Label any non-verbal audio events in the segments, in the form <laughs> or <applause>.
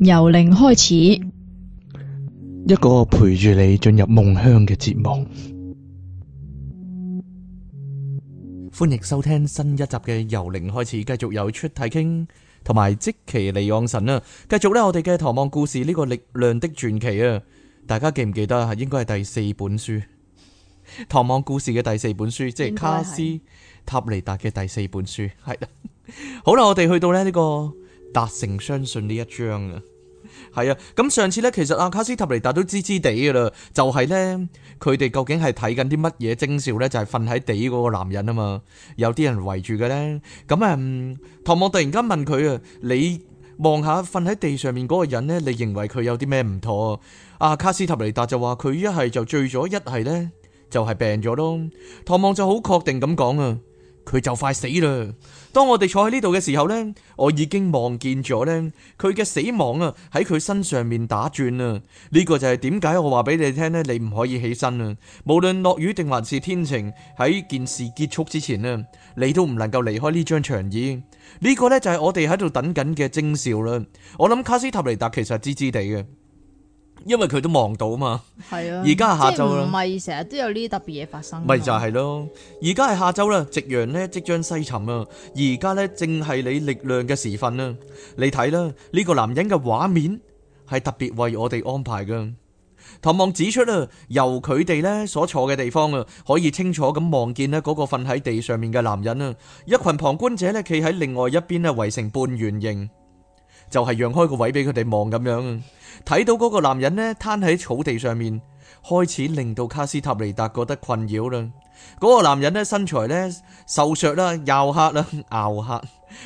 由零開始，一個陪住你進入夢鄉嘅節目，歡迎收聽新一集嘅由零開始，繼續有出題傾，同埋即期利岸神啊！繼續咧，我哋嘅《唐望故事》呢個力量的傳奇啊！大家記唔記得啊？應該係第四本書《唐望故事》嘅第四本書，即係卡斯塔尼達嘅第四本書，係啦。好啦，我哋去到咧，這，呢個。達成相信呢一章啊，係啊，咁上次呢，其實阿、啊、卡斯塔尼達都知知地噶啦，就係、是、呢，佢哋究竟係睇緊啲乜嘢徵兆呢？就係瞓喺地嗰個男人啊嘛，有啲人圍住嘅呢。咁、嗯、啊，唐望突然間問佢啊，你望下瞓喺地上面嗰個人呢？你認為佢有啲咩唔妥？阿、啊、卡斯塔尼達就話佢一係就醉咗，一係呢就係、是、病咗咯。唐望就好確定咁講啊。佢就快死啦！當我哋坐喺呢度嘅時候呢，我已經望見咗呢佢嘅死亡啊！喺佢身上面打轉啊！呢個就係點解我話俾你聽呢？你唔可以起身啦！無論落雨定還是天晴，喺件事結束之前呢，你都唔能夠離開呢張長椅。呢個呢，就係我哋喺度等緊嘅徵兆啦！我諗卡斯塔尼達其實知知地嘅。因為佢都望到啊嘛，係啊，而家係下晝啦，唔係成日都有呢啲特別嘢發生，咪就係咯，而家係下晝啦，夕陽呢即將西沉啊，而家呢，正係你力量嘅時分啊。你睇啦，呢個男人嘅畫面係特別為我哋安排噶。唐望指出啊，由佢哋呢所坐嘅地方啊，可以清楚咁望見呢嗰個瞓喺地上面嘅男人啊，一群旁觀者呢，企喺另外一邊呢圍成半圓形。就係讓開個位俾佢哋望咁樣，睇到嗰個男人呢，攤喺草地上面，開始令到卡斯塔尼達覺得困擾啦。嗰個男人呢，身材呢，瘦削啦，黝黑啦，黝黑，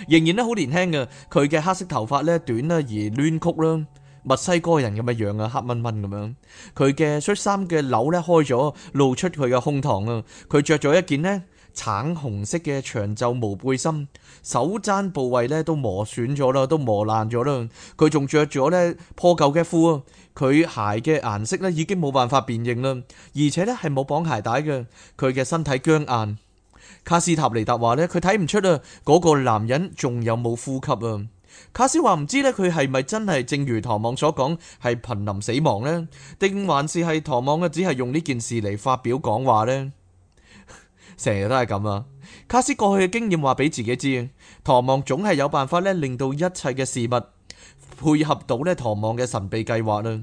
仍然呢好年輕嘅。佢嘅黑色頭髮呢，短啦而鬈曲啦，墨西哥人咁樣樣啊，黑蚊蚊咁樣。佢嘅恤衫嘅紐呢，開咗，露出佢嘅胸膛啊。佢着咗一件呢橙紅色嘅長袖毛背心。手踭部位呢都磨損咗啦，都磨爛咗啦。佢仲着咗呢破舊嘅褲啊。佢鞋嘅顏色呢已經冇辦法辨認啦。而且呢係冇綁鞋帶嘅。佢嘅身體僵硬。卡斯塔尼達話呢，佢睇唔出啊，嗰個男人仲有冇呼吸啊？卡斯話唔知呢，佢係咪真係正如唐望所講係瀕臨死亡呢？定還是係唐望嘅只係用呢件事嚟發表講話呢？成 <laughs> 日都係咁啊！卡斯過去嘅經驗話俾自己知，唐望總係有辦法咧，令到一切嘅事物配合到咧唐望嘅神秘計劃啦。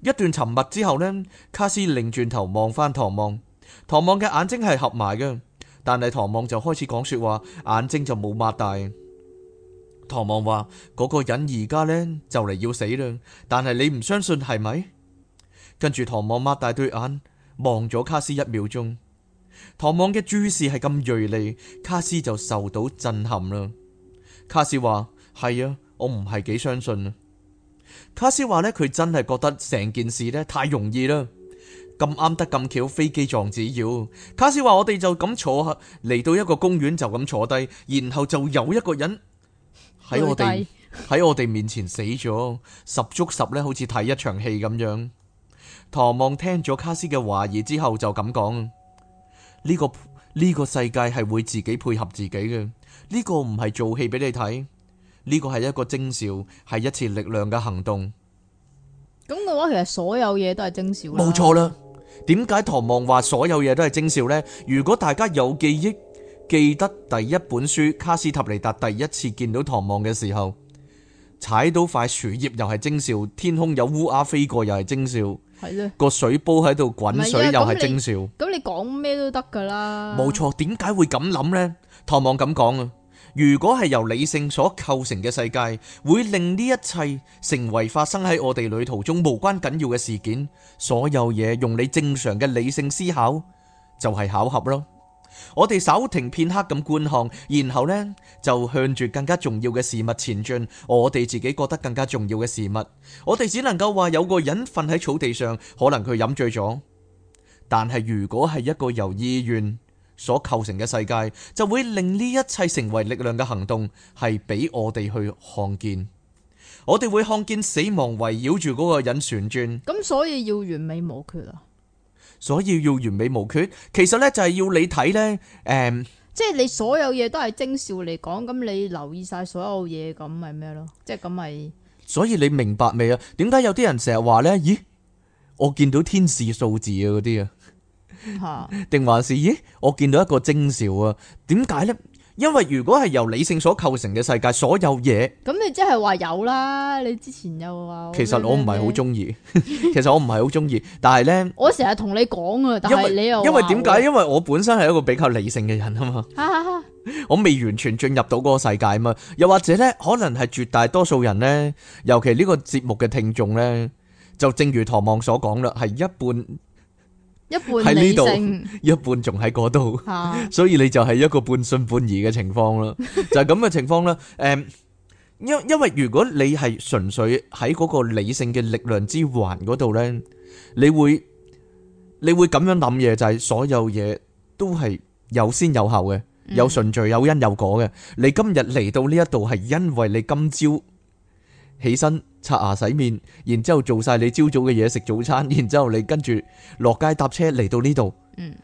一段沉默之後呢，卡斯擰轉頭望返唐望，唐望嘅眼睛係合埋嘅，但係唐望就開始講說話，眼睛就冇擘大。唐望話：嗰個人而家呢，就嚟要死啦，但係你唔相信係咪？跟住唐望擘大對眼望咗卡斯一秒鐘。唐望嘅注視係咁銳利，卡斯就受到震撼啦。卡斯話：係啊，我唔係幾相信。卡斯話呢佢真係覺得成件事呢太容易啦，咁啱得咁巧飛機撞紙妖。卡斯話：我哋就咁坐嚟到一個公園就咁坐低，然後就有一個人喺我哋喺我哋面前死咗，十足十呢好似睇一場戲咁樣。唐望聽咗卡斯嘅懷疑之後就咁講。呢個呢個世界係會自己配合自己嘅，呢個唔係做戲俾你睇，呢個係一個徵兆，係一次力量嘅行動。咁嘅話，其實所有嘢都係徵兆啦。冇錯啦，點解唐望話所有嘢都係徵兆呢？如果大家有記憶，記得第一本書《卡斯塔尼達》第一次見到唐望嘅時候，踩到塊樹葉又係徵兆，天空有烏鴉飛過又係徵兆。係個水煲喺度滾水又係徵兆。咁你講咩都得噶啦。冇錯，點解會咁諗呢？唐望咁講啊，如果係由理性所構成嘅世界，會令呢一切成為發生喺我哋旅途中無關緊要嘅事件。所有嘢用你正常嘅理性思考，就係、是、巧合咯。我哋稍停片刻咁觀看，然後呢，就向住更加重要嘅事物前進。我哋自己覺得更加重要嘅事物，我哋只能夠話有個人瞓喺草地上，可能佢飲醉咗。但係如果係一個由意願所構成嘅世界，就會令呢一切成為力量嘅行動，係俾我哋去看見。我哋會看見死亡圍繞住嗰個人旋轉。咁所以要完美無缺啊！所以要完美無缺，其實咧，就係要你睇咧，誒，即係你所有嘢都係徵兆嚟講，咁你留意晒所有嘢，咁係咩咯？即係咁咪？所以你明白未啊？點解有啲人成日話咧？咦，我見到天使數字啊嗰啲啊，吓，定還是咦？我見到一個徵兆啊？點解咧？因為如果係由理性所構成嘅世界，所有嘢，咁你即係話有啦，你之前又話其實我唔係好中意， <laughs> <laughs> 其實我唔係好中意，但係呢，我成日同你講啊，但係你又因為點解？我因為我本身係一個比較理性嘅人啊嘛， <laughs> <laughs> 我未完全進入到嗰個世界啊嘛，又或者呢，可能係絕大多數人呢，尤其呢個節目嘅聽眾呢，就正如唐望所講啦，係一半。一半喺呢度，一半仲喺嗰度，所以你就係一個半信半疑嘅情況咯。就係咁嘅情況啦。誒，因因為如果你係純粹喺嗰個理性嘅力量之環嗰度咧，你會你會咁樣諗嘢，就係所有嘢都係有先有後嘅，有順序，有因有果嘅。你今日嚟到呢一度係因為你今朝。起身刷牙洗面，然之後做曬你朝早嘅嘢食早餐，然之後你跟住落街搭車嚟到呢度。嗯，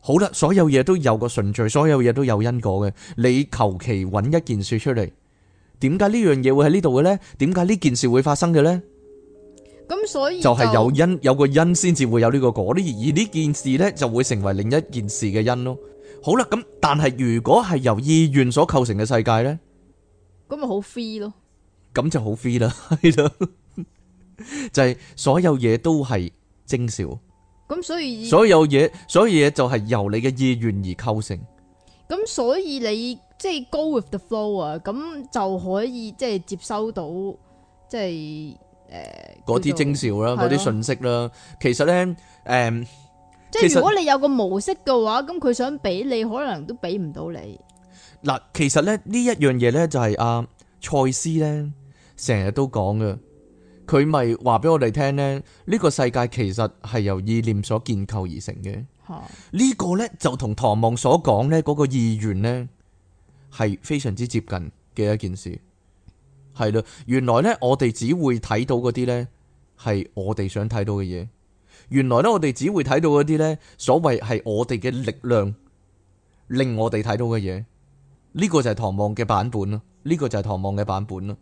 好啦，所有嘢都有個順序，所有嘢都有因果嘅。你求其揾一件事出嚟，點解呢樣嘢會喺呢度嘅咧？點解呢件事會發生嘅咧？咁所以就係有因有個因先至會有呢個果，呢而呢件事咧就會成為另一件事嘅因咯。好啦，咁但係如果係由意願所構成嘅世界咧，咁咪好 free 咯。咁就好 free 啦，係咯，就係所有嘢都係徵兆。咁所以所有嘢，所有嘢就係由你嘅意願而構成。咁所以你即係 go with the flow 啊，咁就可以即係接收到即係誒嗰啲徵兆啦，嗰啲信息啦。其實咧，誒，即係如果你有個模式嘅話，咁佢想俾你，可能都俾唔到你。嗱，其實咧呢一樣嘢咧就係阿賽斯咧。成日都講嘅，佢咪話俾我哋聽呢，呢個世界其實係由意念所建構而成嘅。呢、啊、個呢，就同唐望所講呢嗰個意願呢，係非常之接近嘅一件事。係咯，原來呢，我哋只會睇到嗰啲呢，係我哋想睇到嘅嘢。原來呢，我哋只會睇到嗰啲呢，所謂係我哋嘅力量令我哋睇到嘅嘢。呢個就係唐望嘅版本啦。呢個就係唐望嘅版本啦。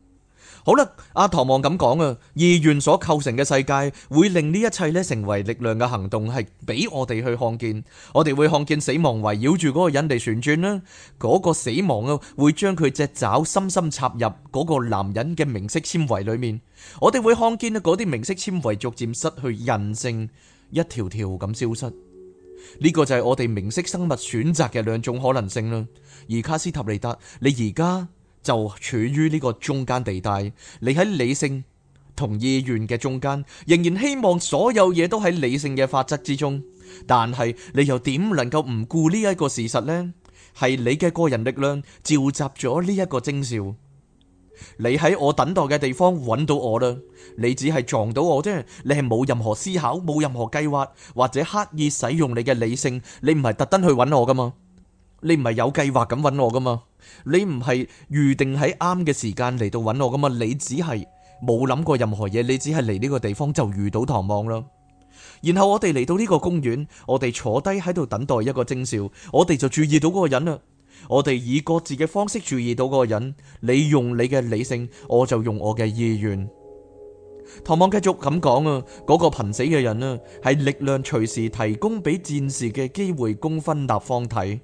好啦，阿、啊、唐望咁講啊，意願所構成嘅世界會令呢一切咧成為力量嘅行動，係俾我哋去看見。我哋會看見死亡圍繞住嗰個人嚟旋轉啦，嗰、那個死亡啊會將佢隻爪深深插入嗰個男人嘅明色纖維裏面。我哋會看見嗰啲明色纖維逐漸失去韌性，一條條咁消失。呢、這個就係我哋明色生物選擇嘅兩種可能性啦。而卡斯塔利達，你而家，就處於呢個中間地帶，你喺理性同意願嘅中間，仍然希望所有嘢都喺理性嘅法則之中，但係你又點能夠唔顧呢一個事實呢？係你嘅個人力量召集咗呢一個徵兆。你喺我等待嘅地方揾到我啦，你只係撞到我啫，你係冇任何思考、冇任何計劃或者刻意使用你嘅理性，你唔係特登去揾我噶嘛？你唔係有計劃咁揾我噶嘛？你唔係預定喺啱嘅時間嚟到揾我㗎嘛？你只係冇諗過任何嘢，你只係嚟呢個地方就遇到唐望啦。然後我哋嚟到呢個公園，我哋坐低喺度等待一個徵兆，我哋就注意到嗰個人啦。我哋以各自嘅方式注意到嗰個人，你用你嘅理性，我就用我嘅意願。唐望繼續咁講啊，嗰、那個瀕死嘅人啊，係力量隨時提供俾戰士嘅機會，供分立方體。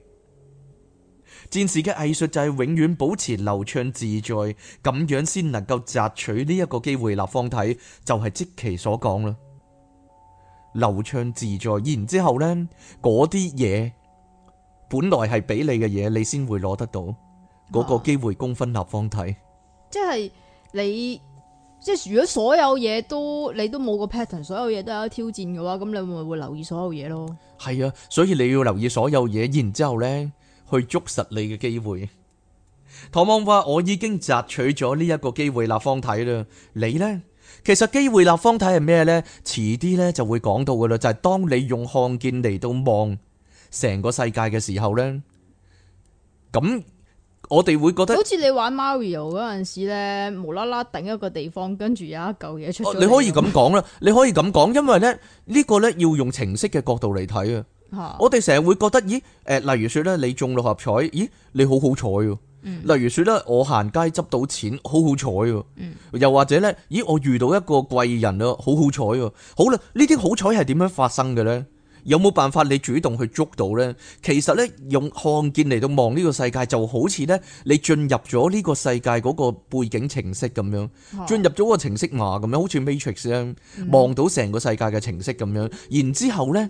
戰士嘅藝術就係永遠保持流暢自在，咁樣先能夠摘取呢一個機會。立方體就係、是、即其所講啦，流暢自在。然之後呢，嗰啲嘢本來係俾你嘅嘢，你先會攞得到嗰、那個機會。公分立方體，啊、即係你即係如果所有嘢都你都冇個 pattern，所有嘢都有一挑戰嘅話，咁你咪會，會留意所有嘢咯。係啊，所以你要留意所有嘢，然之後呢。去捉實你嘅機會，唐望話我已經摘取咗呢一個機會立方體啦。你咧，其實機會立方體係咩咧？遲啲咧就會講到噶啦，就係當你用看見嚟到望成個世界嘅時候咧，咁我哋會覺得好似你玩 Mario 嗰陣時咧，無啦啦頂一個地方，跟住有一嚿嘢出。你可以咁講啦，你可以咁講，因為咧呢個咧要用程式嘅角度嚟睇啊。我哋成日會覺得，咦？誒，例如說咧，你中六合彩，咦，你好好彩，嗯、例如說咧，我行街執到錢，好好彩，嗯、又或者呢，咦，我遇到一個貴人咯，好好彩。好啦，呢啲好彩係點樣發生嘅呢？有冇辦法你主動去捉到呢？其實呢，用看見嚟到望呢個世界，就好似呢，你進入咗呢個世界嗰個背景程式咁樣，進、嗯、入咗個程式嘛，咁樣好似 Matrix 啊，望、嗯、到成個世界嘅程式咁樣，然之後咧。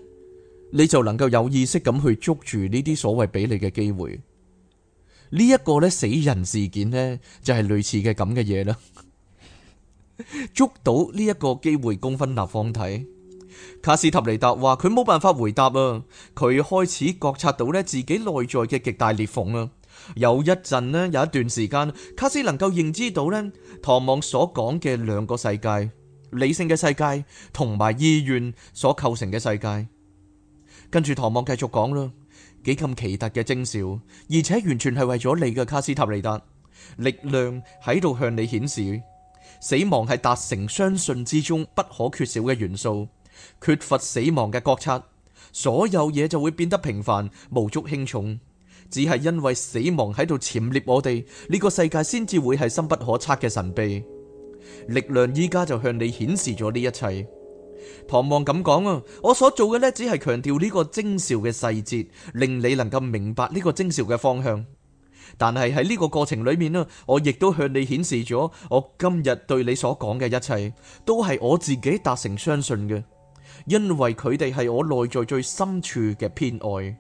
你就能夠有意識咁去捉住呢啲所謂俾你嘅機會。呢一個咧，死人事件咧，就係類似嘅咁嘅嘢啦。捉到呢一個機會，公分立方體卡斯塔尼達話佢冇辦法回答啊。佢開始覺察到咧，自己內在嘅極大裂縫啊。有一陣咧，有一段時間，卡斯能夠認知到咧，唐望所講嘅兩個世界，理性嘅世界同埋意願所構成嘅世界。跟住唐望繼續講啦，幾咁奇特嘅徵兆，而且完全係為咗你嘅卡斯塔尼達，力量喺度向你顯示，死亡係達成相信之中不可缺少嘅元素，缺乏死亡嘅覺察，所有嘢就會變得平凡，無足輕重。只係因為死亡喺度潛獵我哋，呢個世界先至會係深不可測嘅神秘。力量依家就向你顯示咗呢一切。唐望咁講啊，我所做嘅呢，只係強調呢個徵兆嘅細節，令你能夠明白呢個徵兆嘅方向。但係喺呢個過程裏面啊，我亦都向你顯示咗，我今日對你所講嘅一切，都係我自己達成相信嘅，因為佢哋係我內在最深處嘅偏愛。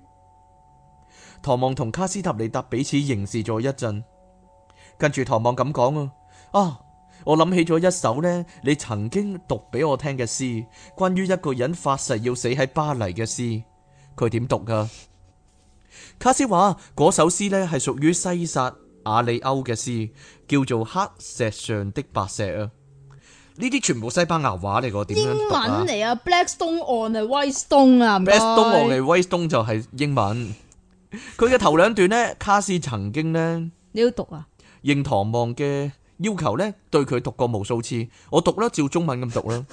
唐望同卡斯塔尼達彼此凝視咗一陣，跟住唐望咁講啊，啊。我諗起咗一首呢，你曾經讀俾我聽嘅詩，關於一個人發誓要死喺巴黎嘅詩，佢點讀噶？卡斯話嗰首詩呢，係屬於西薩阿里歐嘅詩，叫做《黑石上的白石》啊。呢啲全部西班牙話嚟個點樣？英文嚟啊，《Black Stone on the White Stone》啊，《Black Stone on the White Stone》就係英文。佢嘅頭兩段呢，卡斯曾經呢，你要讀啊？凝唐望嘅。要求咧，對佢讀過無數次，我讀啦，照中文咁讀啦。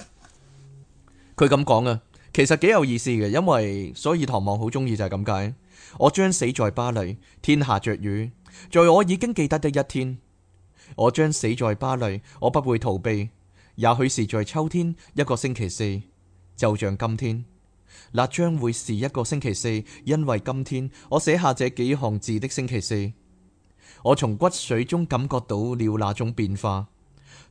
佢咁講啊，其實幾有意思嘅，因為所以唐望好中意就係咁解。我將死在巴黎，天下著雨，在我已經記得的一天，我將死在巴黎，我不會逃避。也許是在秋天一個星期四，就像今天，那將會是一個星期四，因為今天我寫下這幾行字的星期四。我從骨髓中感覺到了那種變化，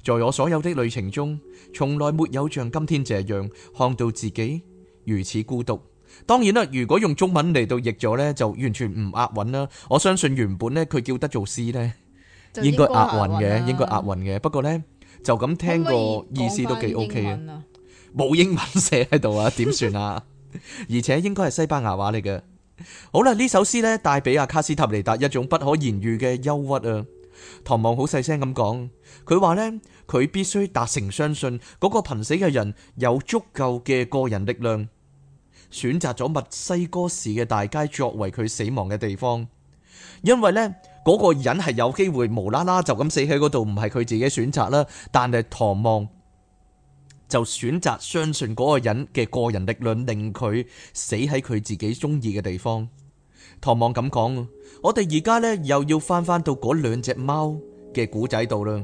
在我所有的旅程中，從來沒有像今天這樣看到自己如此孤獨。當然啦，如果用中文嚟到譯咗呢，就完全唔押韻啦。我相信原本呢佢叫得做詩呢，應該押韻嘅，應該押韻嘅。不過呢就咁聽個意思都幾 OK 啊，冇英文寫喺度啊，點算啊？而且應該係西班牙話嚟嘅。好啦，呢首詩呢帶俾阿卡斯塔尼達一種不可言喻嘅憂鬱啊。唐望好細聲咁講，佢話呢，佢必須達成相信嗰個瀕死嘅人有足夠嘅個人力量，選擇咗墨西哥市嘅大街作為佢死亡嘅地方，因為呢，嗰個人係有機會無啦啦就咁死喺嗰度，唔係佢自己選擇啦。但係唐望。就選擇相信嗰個人嘅個人力量，令佢死喺佢自己中意嘅地方。唐望咁講，我哋而家呢又要翻翻到嗰兩隻貓嘅古仔度啦。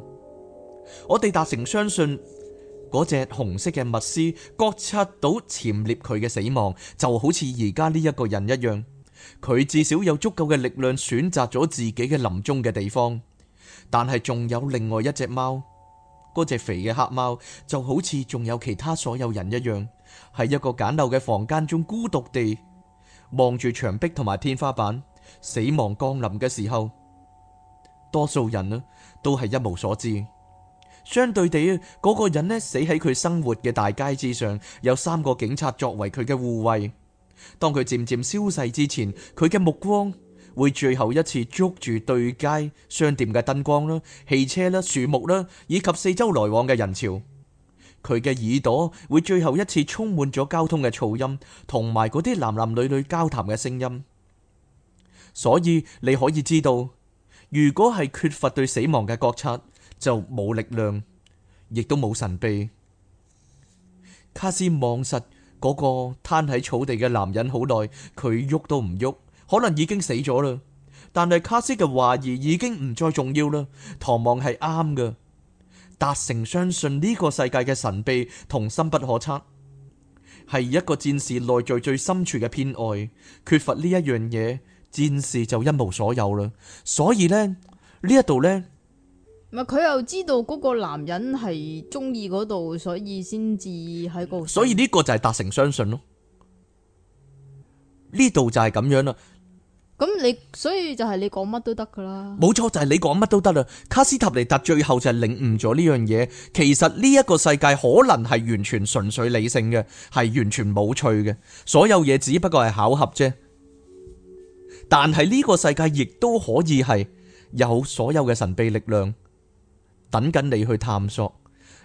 我哋達成相信，嗰隻紅色嘅密斯覺察到潛獵佢嘅死亡，就好似而家呢一個人一樣。佢至少有足夠嘅力量選擇咗自己嘅臨終嘅地方，但係仲有另外一隻貓。嗰隻肥嘅黑貓就好似仲有其他所有人一樣，喺一個簡陋嘅房間中孤獨地望住牆壁同埋天花板。死亡降臨嘅時候，多數人啊都係一無所知。相對地，嗰個人咧死喺佢生活嘅大街之上，有三個警察作為佢嘅護衛。當佢漸漸消逝之前，佢嘅目光會最後一次捉住對街商店嘅燈光啦、汽車啦、樹木啦，以及四周來往嘅人潮。佢嘅耳朵會最後一次充滿咗交通嘅噪音，同埋嗰啲男男女女交談嘅聲音。所以你可以知道，如果係缺乏對死亡嘅覺察，就冇力量，亦都冇神秘。卡斯望實嗰個攤喺草地嘅男人好耐，佢喐都唔喐。可能已經死咗啦，但係卡斯嘅懷疑已經唔再重要啦。唐望係啱㗎，達成相信呢個世界嘅神秘同深不可測，係一個戰士內在最深處嘅偏愛。缺乏呢一樣嘢，戰士就一無所有啦。所以呢，呢一度呢，唔係佢又知道嗰個男人係中意嗰度，所以先至喺嗰度。所以呢個就係達成相信咯。呢度就係咁樣啦。咁你所以就係你講乜都得噶啦，冇錯就係你講乜都得啦。卡斯塔尼達最後就係領悟咗呢樣嘢，其實呢一個世界可能係完全純粹理性嘅，係完全冇趣嘅，所有嘢只不過係巧合啫。但係呢個世界亦都可以係有所有嘅神秘力量，等緊你去探索。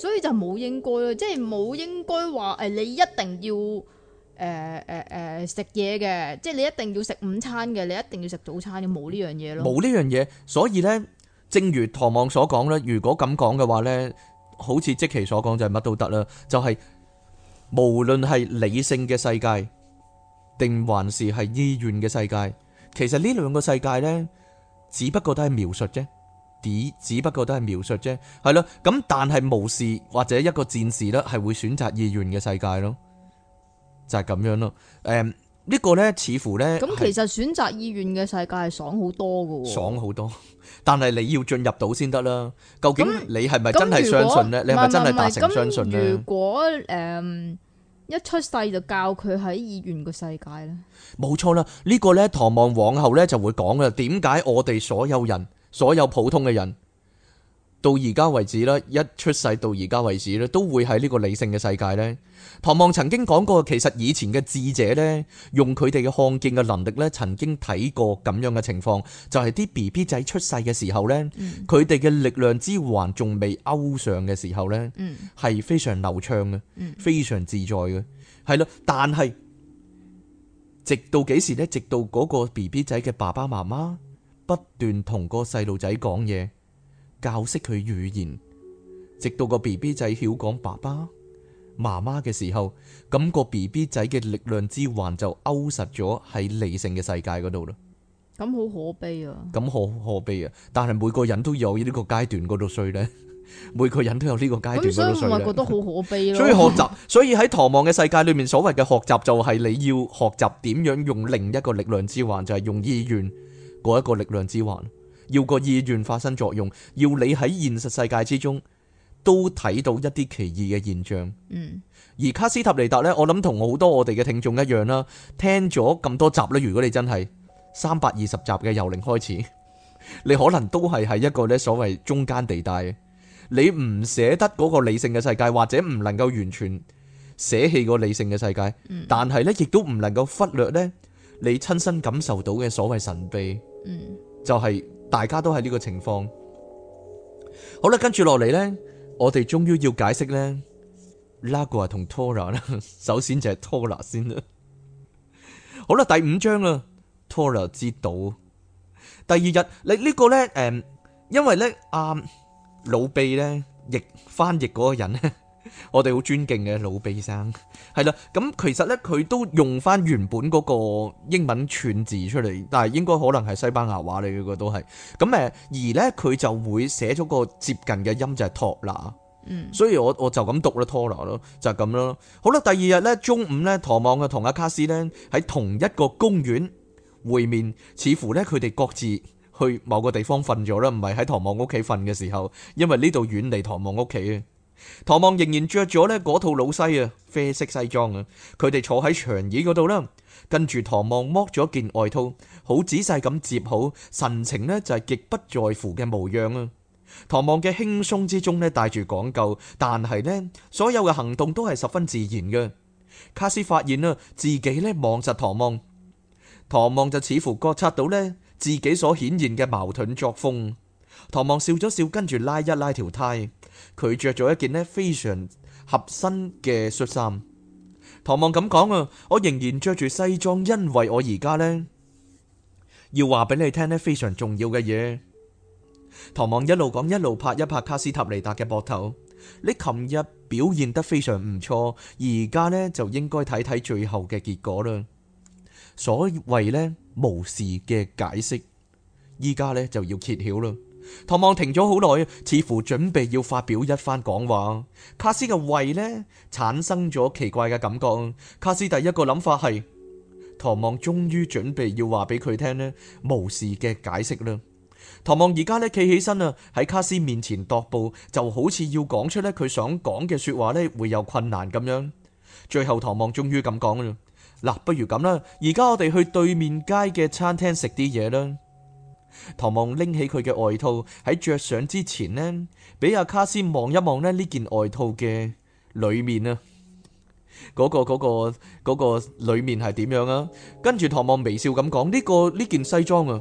所以就冇應該咯，即係冇應該話誒，你一定要誒誒誒食嘢嘅，即係你一定要食午餐嘅，你一定要食早餐嘅，冇呢樣嘢咯。冇呢樣嘢，所以咧，正如唐望所講咧，如果咁講嘅話咧，好似即其所講就係乜都得啦，就係無論係理性嘅世界定還是係意願嘅世界，其實呢兩個世界咧，只不過都係描述啫。只只不過都係描述啫，係咯，咁但係武士或者一個戰士咧，係會選擇意願嘅世界咯，就係咁樣咯。誒，呢個咧似乎咧，咁其實選擇意願嘅世界係爽好多噶，爽好多，但係你要進入到先得啦。究竟你係咪真係相信咧？你係咪真係達成相信咧？咁如果誒一出世就教佢喺意願嘅世界咧，冇錯啦。呢個咧，唐望往後咧就會講啦。點解我哋所有人？所有普通嘅人到而家為止啦，一出世到而家為止咧，都會喺呢個理性嘅世界呢。唐望曾經講過，其實以前嘅智者呢，用佢哋嘅看見嘅能力呢，曾經睇過咁樣嘅情況，就係啲 B B 仔出世嘅時候呢，佢哋嘅力量之環仲未勾上嘅時候呢，係、mm. 非常流暢嘅，非常自在嘅，係啦。但係直到幾時呢？直到嗰個 B B 仔嘅爸爸媽媽。不斷同個細路仔講嘢，教識佢語言，直到個 B B 仔曉講爸爸媽媽嘅時候，咁個 B B 仔嘅力量之環就勾實咗喺理性嘅世界嗰度啦。咁好可悲啊！咁好可悲啊！但係每個人都有呢個階段嗰度衰呢，每個人都有呢個階段嗰度衰咧。咁所以咪覺得好可悲咯，啊？ <laughs> 所以學習，所以喺唐望嘅世界裏面，所謂嘅學習就係你要學習點樣用另一個力量之環，就係、是、用意願。一個力量之環，要個意願發生作用，要你喺現實世界之中都睇到一啲奇異嘅現象。嗯，而卡斯塔尼達呢，我諗同好多我哋嘅聽眾一樣啦，聽咗咁多集呢。如果你真係三百二十集嘅由零開始，你可能都係喺一個呢所謂中間地帶。你唔捨得嗰個理性嘅世界，或者唔能夠完全捨棄個理性嘅世界，嗯、但係呢，亦都唔能夠忽略呢你親身感受到嘅所謂神秘。嗯，就係大家都喺呢個情況，好啦，跟住落嚟咧，我哋終於要解釋咧，拉古啊同 Tonal 啦，首先就係 Tonal 先啦，好啦，第五章啦，Tonal 之島，第二日，你、這個、呢個咧，誒、嗯，因為咧阿、啊、老貝咧譯翻譯嗰個人咧。我哋好尊敬嘅老秘生，係 <laughs> 啦，咁其實咧佢都用翻原本嗰個英文串字出嚟，但係應該可能係西班牙話嚟嘅都係，咁誒而咧佢就會寫咗個接近嘅音就係托拿，嗯，所以我我就咁讀啦，托拿咯，就係咁咯，好啦，第二日咧中午咧，唐望啊同阿卡斯咧喺同一個公園會面，似乎咧佢哋各自去某個地方瞓咗啦，唔係喺唐望屋企瞓嘅時候，因為呢度遠離唐望屋企啊。唐望仍然着咗呢嗰套老西啊啡色西裝啊，佢哋坐喺長椅嗰度啦。跟住唐望剝咗件外套，好仔細咁折好，神情呢就係極不在乎嘅模樣啊。唐望嘅輕鬆之中呢帶住講究，但係呢所有嘅行動都係十分自然嘅。卡斯發現啊，自己呢望實唐望，唐望就似乎覺察到呢自己所顯現嘅矛盾作風。唐望笑咗笑，跟住拉一拉條呔。佢着咗一件咧非常合身嘅恤衫。唐望咁講啊，我仍然着住西裝，因為我而家呢，要話俾你聽呢非常重要嘅嘢。唐望一路講一路拍一拍卡斯塔尼達嘅膊頭。你琴日表現得非常唔錯，而家呢，就應該睇睇最後嘅結果啦。所謂呢無事嘅解釋，依家呢，就要揭曉啦。唐望停咗好耐，似乎準備要發表一番講話。卡斯嘅胃呢產生咗奇怪嘅感覺。卡斯第一個諗法係，唐望終於準備要話俾佢聽呢，無事嘅解釋啦。唐望而家呢企起身啦，喺卡斯面前踱步，就好似要講出呢佢想講嘅說話呢會有困難咁樣。最後唐望終於咁講啦，嗱、啊，不如咁啦，而家我哋去對面街嘅餐廳食啲嘢啦。唐望拎起佢嘅外套喺着上之前呢，俾阿卡先望一望呢呢件外套嘅裏面啊，嗰個嗰個嗰個裏面係點樣啊？跟住唐望微笑咁講：呢個呢件西裝啊，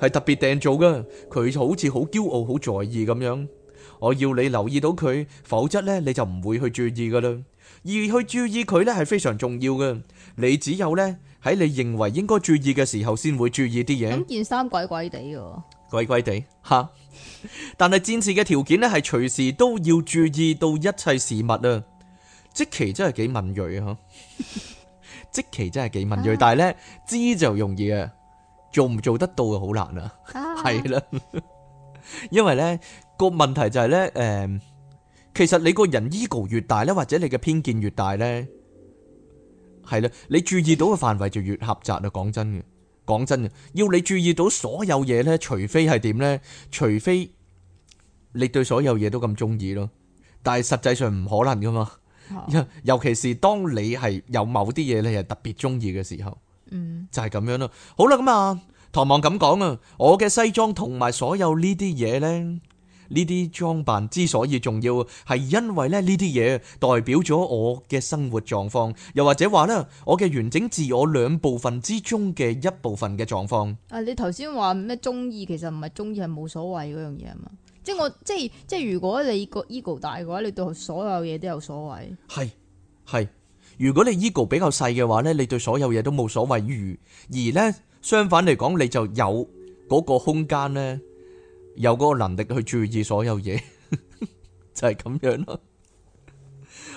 係特別訂做嘅，佢就好似好驕傲、好在意咁樣。我要你留意到佢，否則呢你就唔會去注意噶啦，而去注意佢呢係非常重要嘅。你只有呢……」喺你認為應該注意嘅時候，先會注意啲嘢。咁件衫鬼鬼地嘅，鬼鬼地吓。 <laughs> 但係戰士嘅條件呢，係隨時都要注意到一切事物啊。即其真係幾敏銳啊，即其 <laughs> <laughs> 真係幾敏銳。啊、但係呢，知就容易啊，做唔做得到啊，好難啊，係啦、啊。 <laughs> <laughs> 因為呢、呢個問題就係、是、呢，誒、呃，其實你個人 ego 越大呢，或者你嘅偏見越大呢。係啦，你注意到嘅範圍就越狹窄啊！講真嘅，講真嘅，要你注意到所有嘢呢，除非係點呢？除非你對所有嘢都咁中意咯。但係實際上唔可能噶嘛。哦、尤其是當你係有某啲嘢你係特別中意嘅時候，嗯、就係咁樣咯。好啦，咁啊，唐望咁講啊，我嘅西裝同埋所有呢啲嘢呢。呢啲裝扮之所以重要，係因為咧呢啲嘢代表咗我嘅生活狀況，又或者話咧我嘅完整自我兩部分之中嘅一部分嘅狀況。啊！你頭先話咩鍾意，其實唔係鍾意，係冇所謂嗰樣嘢啊嘛！即係我，即係即係如果你個 ego 大嘅話，你對所有嘢都有所謂。係係，如果你 ego 比較細嘅話咧，你對所有嘢都冇所謂於。而咧相反嚟講，你就有嗰個空間咧。有嗰個能力去注意所有嘢 <laughs> 這， <laughs> 就係咁樣咯。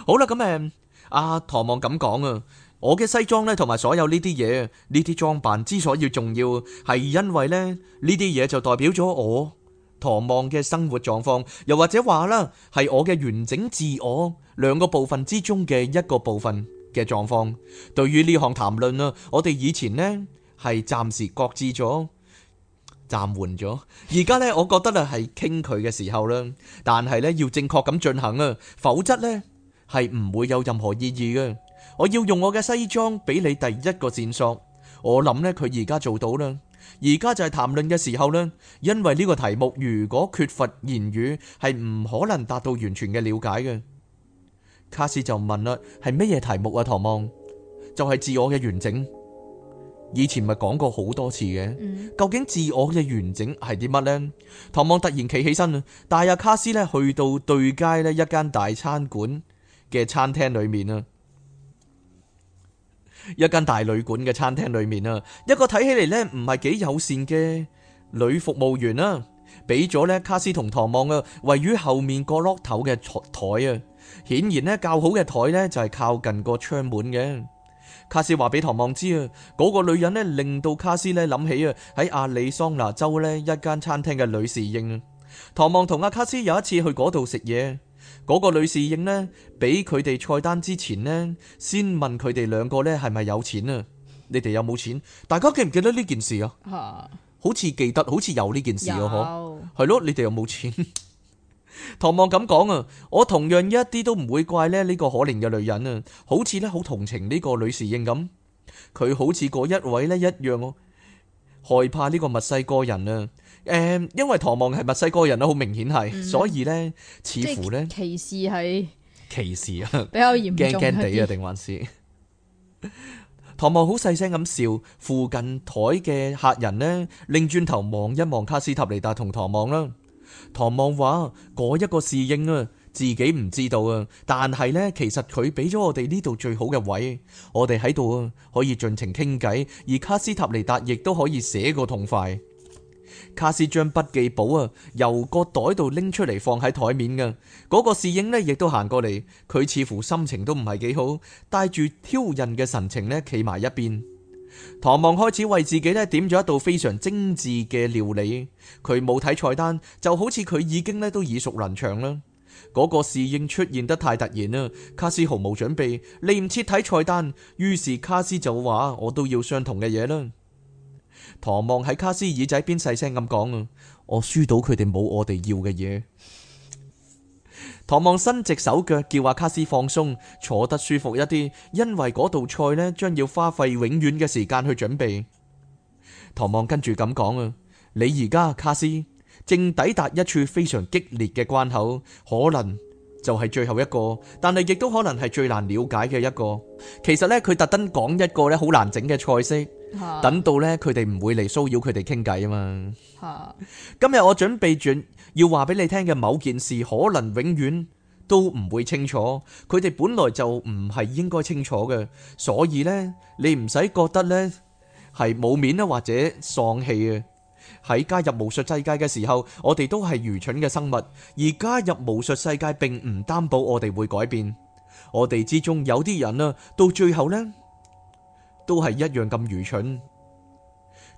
好啦，咁誒，阿唐望咁講啊，我嘅西裝呢，同埋所有呢啲嘢，呢啲裝扮之所以重要，係因為呢呢啲嘢就代表咗我唐望嘅生活狀況，又或者話啦，係我嘅完整自我兩個部分之中嘅一個部分嘅狀況。對於呢項談論啊，我哋以前呢，係暫時擱置咗。暫緩咗，而家咧，我覺得啊，係傾佢嘅時候啦。但係咧，要正確咁進行啊，否則咧係唔會有任何意義嘅。我要用我嘅西裝俾你第一個線索。我諗咧，佢而家做到啦。而家就係談論嘅時候啦，因為呢個題目如果缺乏言語，係唔可能達到完全嘅了解嘅。卡士就問啦：係咩嘢題目啊？唐望就係自我嘅完整。以前咪講過好多次嘅，究竟自我嘅完整係啲乜呢？唐望突然企起身啦，帶阿卡斯呢去到對街呢一間大餐館嘅餐廳裏面啦，一間大旅館嘅餐廳裏面啦，一個睇起嚟呢唔係幾友善嘅女服務員啦，俾咗呢卡斯同唐望啊，位於後面角落頭嘅台台啊，顯然呢較好嘅台呢就係靠近個窗門嘅。卡斯話俾唐望知啊，嗰個女人呢，令到卡斯呢諗起啊，喺阿里桑拿州呢一間餐廳嘅女侍應。唐望同阿卡斯有一次去嗰度食嘢，嗰個女侍應呢，俾佢哋菜單之前呢，先問佢哋兩個呢係咪有錢啊？你哋有冇錢？大家記唔記得呢件事啊？好似記得，好似有呢件事啊？嗬有，係咯，你哋有冇錢？唐望咁講啊，我同樣一啲都唔會怪咧呢個可憐嘅女人啊，好似咧好同情呢個女侍應咁，佢好似嗰一位呢一樣，害怕呢個墨西哥人啊，誒、嗯，因為唐望係墨西哥人啦，好明顯係，嗯、所以呢似乎呢，歧視係歧視啊，比較嚴重 <laughs> 驚驚哋啊，定還是唐望好細聲咁笑，附近台嘅客人呢，擰轉頭望一望卡斯塔尼達同唐望啦。唐望話：嗰一個侍應啊，自己唔知道啊，但係呢，其實佢俾咗我哋呢度最好嘅位，我哋喺度啊，可以盡情傾偈。而卡斯塔尼達亦都可以寫個痛快。卡斯將筆記簿啊，由個袋度拎出嚟放喺台面㗎，嗰個侍應呢，亦都行過嚟，佢似乎心情都唔係幾好，帶住挑釁嘅神情呢，企埋一邊。唐望開始為自己咧點咗一道非常精緻嘅料理，佢冇睇菜單，就好似佢已經咧都耳熟能詳啦。嗰、那個侍應出現得太突然啦，卡斯毫無準備，你唔切睇菜單，於是卡斯就話：我都要相同嘅嘢啦。唐望喺卡斯耳仔邊細聲咁講啊：我輸到佢哋冇我哋要嘅嘢。唐望伸直手腳，叫阿卡斯放鬆，坐得舒服一啲，因為嗰道菜咧將要花費永遠嘅時間去準備。唐望跟住咁講啊，你而家卡斯正抵達一處非常激烈嘅關口，可能。就係最後一個，但係亦都可能係最難了解嘅一個。其實呢，佢特登講一個呢好難整嘅菜式，啊、等到呢，佢哋唔會嚟騷擾佢哋傾偈啊嘛。啊今日我準備住要話俾你聽嘅某件事，可能永遠都唔會清楚。佢哋本來就唔係應該清楚嘅，所以呢，你唔使覺得呢係冇面啊或者喪氣啊。喺加入巫術世界嘅時候，我哋都係愚蠢嘅生物，而加入巫術世界並唔擔保我哋會改變。我哋之中有啲人呀，到最後呢，都係一樣咁愚蠢。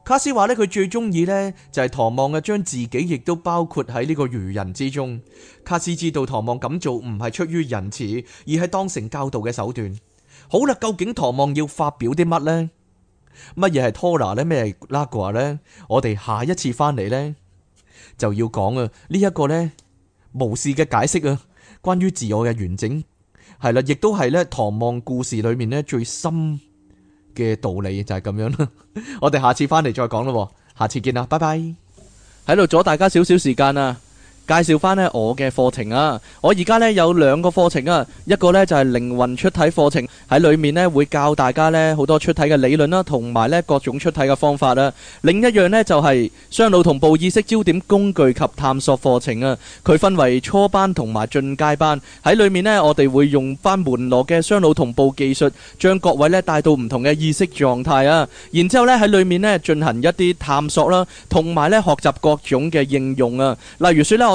卡斯話呢，佢最中意呢，就係唐望呀將自己亦都包括喺呢個愚人之中。卡斯知道唐望咁做唔係出於仁慈，而係當成教導嘅手段。好啦，究竟唐望要發表啲乜呢？乜嘢係 Tonal 咧？咩係拉掛咧？我哋下一次翻嚟咧就要講啊！這個、呢一個咧無事嘅解釋啊，關於自我嘅完整係啦，亦都係咧唐望故事裏面咧最深嘅道理就係、是、咁樣啦。 <laughs> 我哋下次翻嚟再講咯，下次見啦，拜拜！喺度阻大家少少時間啊！介紹翻呢我嘅課程啊！我而家呢有兩個課程啊，一個呢就係靈魂出體課程，喺裡面呢會教大家呢好多出體嘅理論啦，同埋呢各種出體嘅方法啦。另一樣呢就係雙腦同步意識焦點工具及探索課程啊，佢分為初班同埋進階班。喺裡面呢，我哋會用翻門羅嘅雙腦同步技術，將各位呢帶到唔同嘅意識狀態啊。然之後呢喺裡面呢進行一啲探索啦，同埋呢學習各種嘅應用啊。例如説呢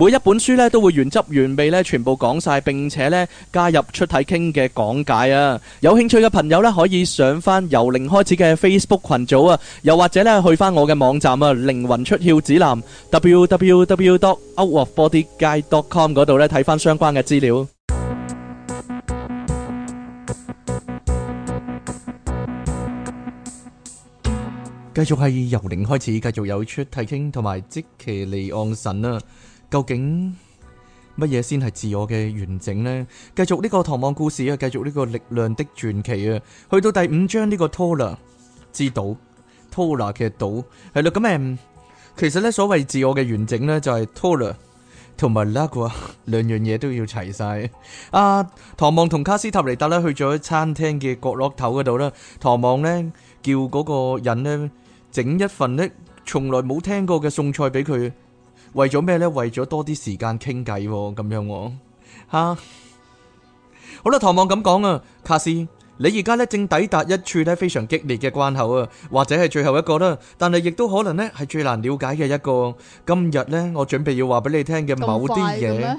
每一本書咧都會原汁原味咧，全部講晒，並且咧加入出體傾嘅講解啊！有興趣嘅朋友咧可以上翻由零開始嘅 Facebook 群組啊，又或者咧去翻我嘅網站啊，靈魂出竅指南 w w w dot out of body guide dot com 嗰度咧睇翻相關嘅資料。繼續係由零開始，繼續有出體傾同埋即其離岸神啊！究竟乜嘢先係自我嘅完整咧？繼續呢個《唐望故事》啊，繼續呢個《力量的傳奇》啊，去到第五章呢個 Tonal 之島，Tonal 嘅島係啦。咁誒，其實咧所謂自我嘅完整咧，就係 Tonal 同埋 Nagual，兩樣嘢都要齊晒。阿唐望同卡斯塔尼達咧去咗餐廳嘅角落頭嗰度啦。唐望咧叫嗰個人咧整一份咧從來冇聽過嘅餸菜俾佢。為咗咩呢？為咗多啲時間傾偈咁樣，吓好啦。唐望咁講啊，卡斯，你而家呢，正抵達一處呢，非常激烈嘅關口啊，或者係最後一個啦，但係亦都可能呢係最難了解嘅一個。今日呢，我準備要話俾你聽嘅某啲嘢。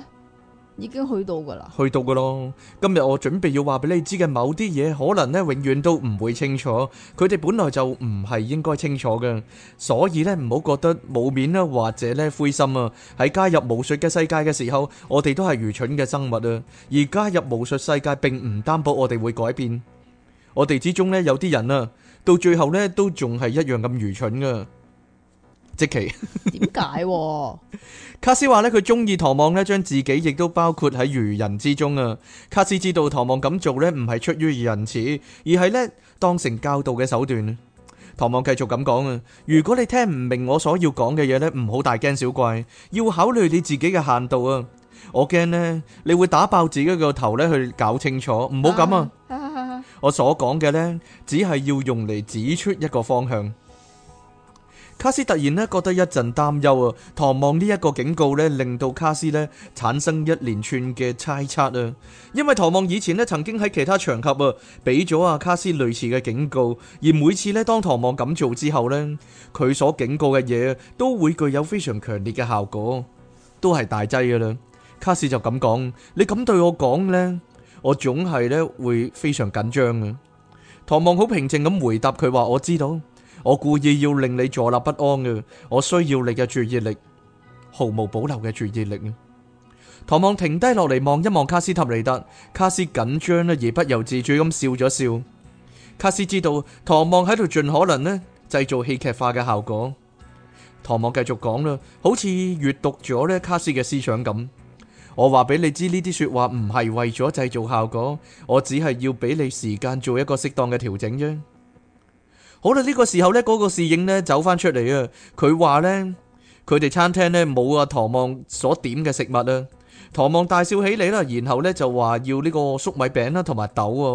已經去到噶啦，去到噶咯。今日我準備要話俾你知嘅某啲嘢，可能咧永遠都唔會清楚。佢哋本來就唔係應該清楚嘅，所以咧，唔好覺得冇面啦，或者咧灰心啊。喺加入巫術嘅世界嘅時候，我哋都係愚蠢嘅生物啊。而加入巫術世界並唔擔保我哋會改變。我哋之中咧有啲人啊，到最後咧都仲係一樣咁愚蠢噶。即奇點解？ <laughs> 卡斯話咧，佢中意唐望咧，將自己亦都包括喺愚人之中啊！卡斯知道唐望咁做呢唔係出於仁慈，而係呢當成教導嘅手段。唐望繼續咁講啊！如果你聽唔明我所要講嘅嘢呢，唔好大驚小怪，要考慮你自己嘅限度啊！我驚呢，你會打爆自己個頭呢去搞清楚，唔好咁啊！ <laughs> 我所講嘅呢，只係要用嚟指出一個方向。卡斯突然咧覺得一陣擔憂啊！唐望呢一個警告咧，令到卡斯咧產生一連串嘅猜測啊！因為唐望以前咧曾經喺其他場合啊，俾咗阿卡斯類似嘅警告，而每次咧當唐望咁做之後咧，佢所警告嘅嘢都會具有非常強烈嘅效果，都係大劑㗎喇。卡斯就咁講，你咁對我講咧，我總係咧會非常緊張啊！唐望好平靜咁回答佢話：我知道。我故意要令你坐立不安嘅，我需要你嘅注意力，毫無保留嘅注意力。唐望停低落嚟望一望卡斯塔尼達，卡斯緊張咧而不由自主咁笑咗笑。卡斯知道唐望喺度盡可能呢製造戲劇化嘅效果。唐望繼續講啦，好似閱讀咗呢卡斯嘅思想咁。我話俾你知呢啲說話唔係為咗製造效果，我只係要俾你時間做一個適當嘅調整啫。好啦，呢個時候咧，嗰個侍應咧走翻出嚟啊！佢話咧，佢哋餐廳咧冇阿唐望所點嘅食物啊！唐望大笑起嚟啦，然後咧就話要呢個粟米餅啦，同埋豆啊！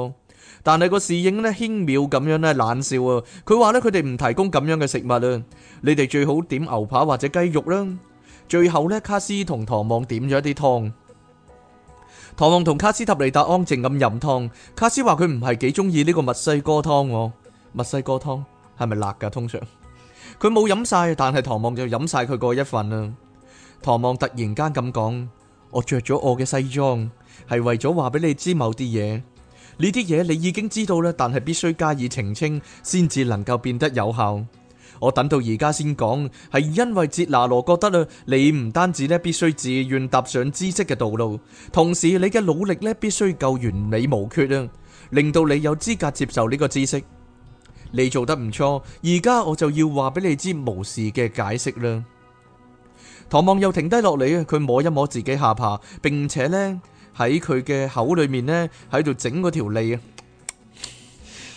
但係個侍應咧輕妙咁樣咧冷笑啊！佢話咧，佢哋唔提供咁樣嘅食物啊！你哋最好點牛扒或者雞肉啦！最後咧，卡斯同唐望點咗一啲湯。唐望同卡斯塔尼達安靜咁飲湯。卡斯話佢唔係幾中意呢個墨西哥湯喎。墨西哥湯係咪辣噶？通常佢冇飲晒，但係唐望就飲晒佢個一份啦。唐望突然間咁講：我着咗我嘅西裝，係為咗話俾你知某啲嘢。呢啲嘢你已經知道啦，但係必須加以澄清，先至能夠變得有效。我等到而家先講，係因為哲拿羅覺得啦，你唔單止咧必須自願踏上知識嘅道路，同時你嘅努力咧必須夠完美無缺啊，令到你有資格接受呢個知識。你做得唔錯，而家我就要話俾你知無事嘅解釋啦。唐望又停低落嚟啊，佢摸一摸自己下巴，並且呢，喺佢嘅口裏面呢，喺度整嗰條脷啊，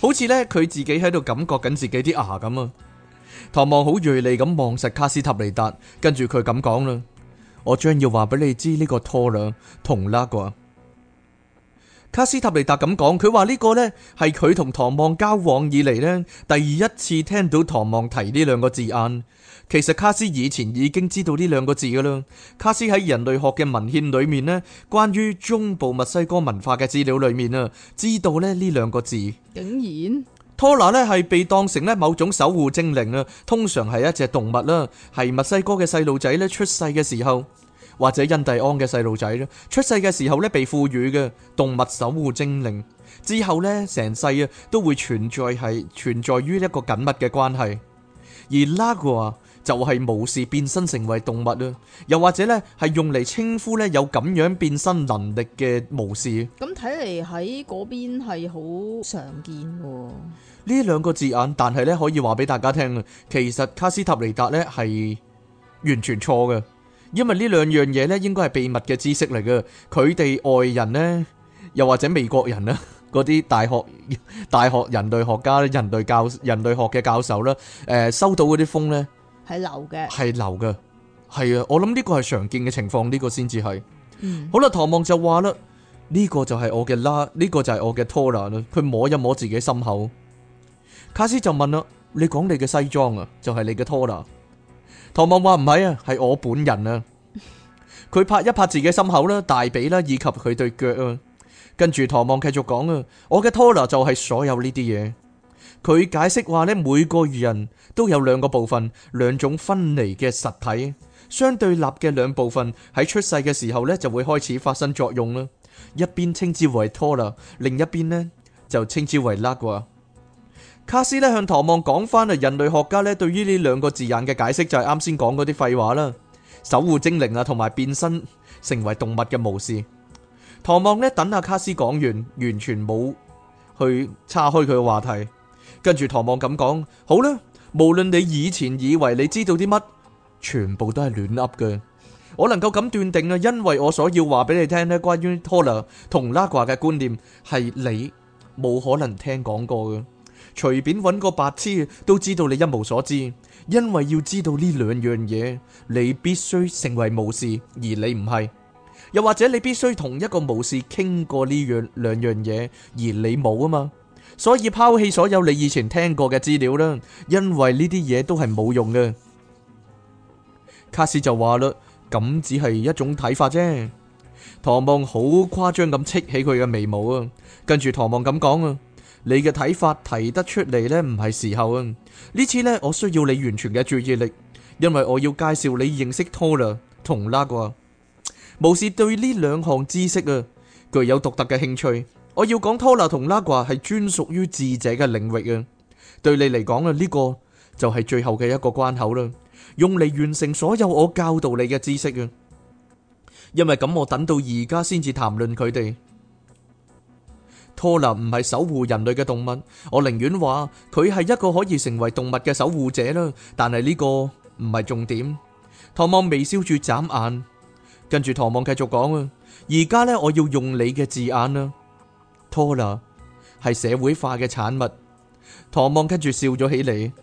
好似呢，佢自己喺度感覺緊自己啲牙咁啊。唐望好銳利咁望實卡斯塔尼達，跟住佢咁講啦：，我將要話俾你知呢、這個拖娘同啦個。卡斯塔尼達咁講，佢話呢個呢係佢同唐望交往以嚟呢第一次聽到唐望提呢兩個字眼。其實卡斯以前已經知道呢兩個字噶啦。卡斯喺人類學嘅文獻裏面呢，關於中部墨西哥文化嘅資料裏面啊，知道呢呢兩個字。竟然，拖拿呢係被當成呢某種守護精靈啊，通常係一隻動物啦，係墨西哥嘅細路仔呢出世嘅時候。或者印第安嘅細路仔咧，出世嘅時候咧，被賦予嘅動物守護精靈，之後咧成世啊都會存在係存在於一個緊密嘅關係。而 Lag 啊就係巫士變身成為動物啊，又或者咧係用嚟稱呼咧有咁樣變身能力嘅巫士。咁睇嚟喺嗰邊係好常見嘅，呢兩個字眼，但係咧可以話俾大家聽啊，其實卡斯塔尼達咧係完全錯嘅。因為呢兩樣嘢咧，應該係秘密嘅知識嚟嘅。佢哋外人咧，又或者美國人啦，嗰啲大學、大學人類學家、人類教、人類學嘅教授啦，誒，收到嗰啲風咧，係流嘅，係流嘅，係啊！我諗呢個係常見嘅情況，呢個先至係。好啦，唐望就話啦，呢個就係我嘅啦，呢個就係我嘅 Tonal 啦。佢摸一摸自己心口，卡斯就問啦：你講你嘅西裝啊，就係你嘅 Tonal？唐望話唔係啊，係我本人啊！佢拍一拍自己心口啦、大髀啦，以及佢對腳啊。跟住唐望繼續講啊，我嘅 Tonal 就係所有呢啲嘢。佢解釋話呢，每個人都有兩個部分、兩種分離嘅實體，相對立嘅兩部分喺出世嘅時候呢，就會開始發生作用啦。一邊稱之為 Tonal，另一邊呢，就稱之為甩。卡斯咧向唐望講翻啊，人類學家咧對於呢兩個字眼嘅解釋就係啱先講嗰啲廢話啦。守護精靈啊，同埋變身成為動物嘅模式。唐望咧等下卡斯講完，完全冇去叉開佢嘅話題。跟住唐望咁講：好啦，無論你以前以為你知道啲乜，全部都係亂噏嘅。我能夠咁斷定啊，因為我所要話俾你聽咧，關於托勒同拉掛嘅觀念係你冇可能聽講過嘅。隨便搵個白痴都知道你一無所知，因為要知道呢兩樣嘢，你必須成為巫士，而你唔係。又或者你必須同一個巫士傾過呢樣兩樣嘢，而你冇啊嘛。所以拋棄所有你以前聽過嘅資料啦，因為呢啲嘢都係冇用嘅。卡斯就話嘞，咁只係一種睇法啫。唐望好誇張咁戚起佢嘅眉毛啊，跟住唐望咁講啊。你嘅睇法提得出嚟呢，唔係時候啊！呢次呢，我需要你完全嘅注意力，因為我要介紹你認識 Tonal 同拉掛。無視對呢兩項知識啊，具有獨特嘅興趣。我要講 Tonal 同拉掛係專屬於智者嘅領域啊。對你嚟講啊，呢個就係最後嘅一個關口啦，用嚟完成所有我教導你嘅知識啊。因為咁，我等到而家先至談論佢哋。托納唔係守護人類嘅動物，我寧願話佢係一個可以成為動物嘅守護者啦。但係呢個唔係重點。唐望微笑住眨眼，跟住唐望繼續講啊。而家呢，我要用你嘅字眼啦。托納係社會化嘅產物。唐望跟住笑咗起嚟。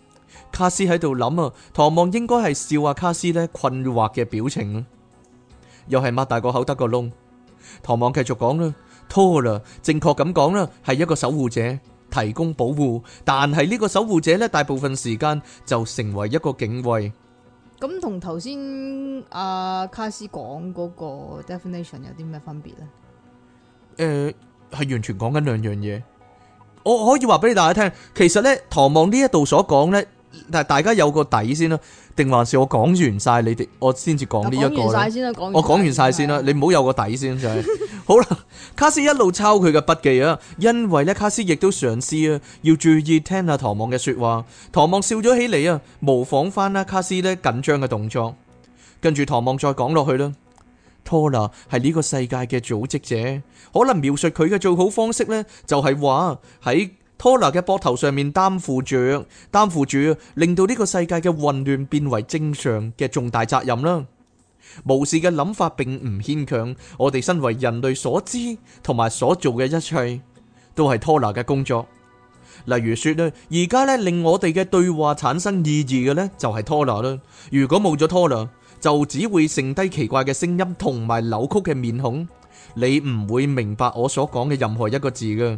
卡斯喺度諗啊，唐望應該係笑啊，卡斯呢困惑嘅表情啊，又係擘大個口得個窿。唐望繼續講啦。Tonal 啦，正確咁講啦，係一個守護者提供保護，但係呢個守護者咧，大部分時間就成為一個警衛。咁同頭先阿卡斯講嗰個 definition 有啲咩分別咧？誒，係完全講緊兩樣嘢。我可以話俾你大家聽，其實咧，唐望呢一度所講咧，但係大家有個底先啦。定還是我講完晒你哋，我先至講呢一個。啊、我講完晒先啦、啊， <laughs> 你唔好有個底先就、啊、係。 <laughs> 好啦，卡斯一路抄佢嘅筆記啊，因為咧卡斯亦都嘗試啊，要注意聽阿唐望嘅說話。唐望笑咗起嚟啊，模仿翻啦卡斯咧緊張嘅動作，跟住唐望再講落去啦。Tonal 係呢個世界嘅組織者，可能描述佢嘅最好方式咧，就係話喺。拖拿嘅膊頭上面擔負着，擔負住令到呢個世界嘅混亂變為正常嘅重大責任啦。無視嘅諗法並唔牽強，我哋身為人類所知同埋所做嘅一切，都係拖拿嘅工作。例如說呢，而家呢令我哋嘅對話產生意義嘅呢，就係拖拿啦。如果冇咗拖拿，就只會剩低奇怪嘅聲音同埋扭曲嘅面孔。你唔會明白我所講嘅任何一個字噶。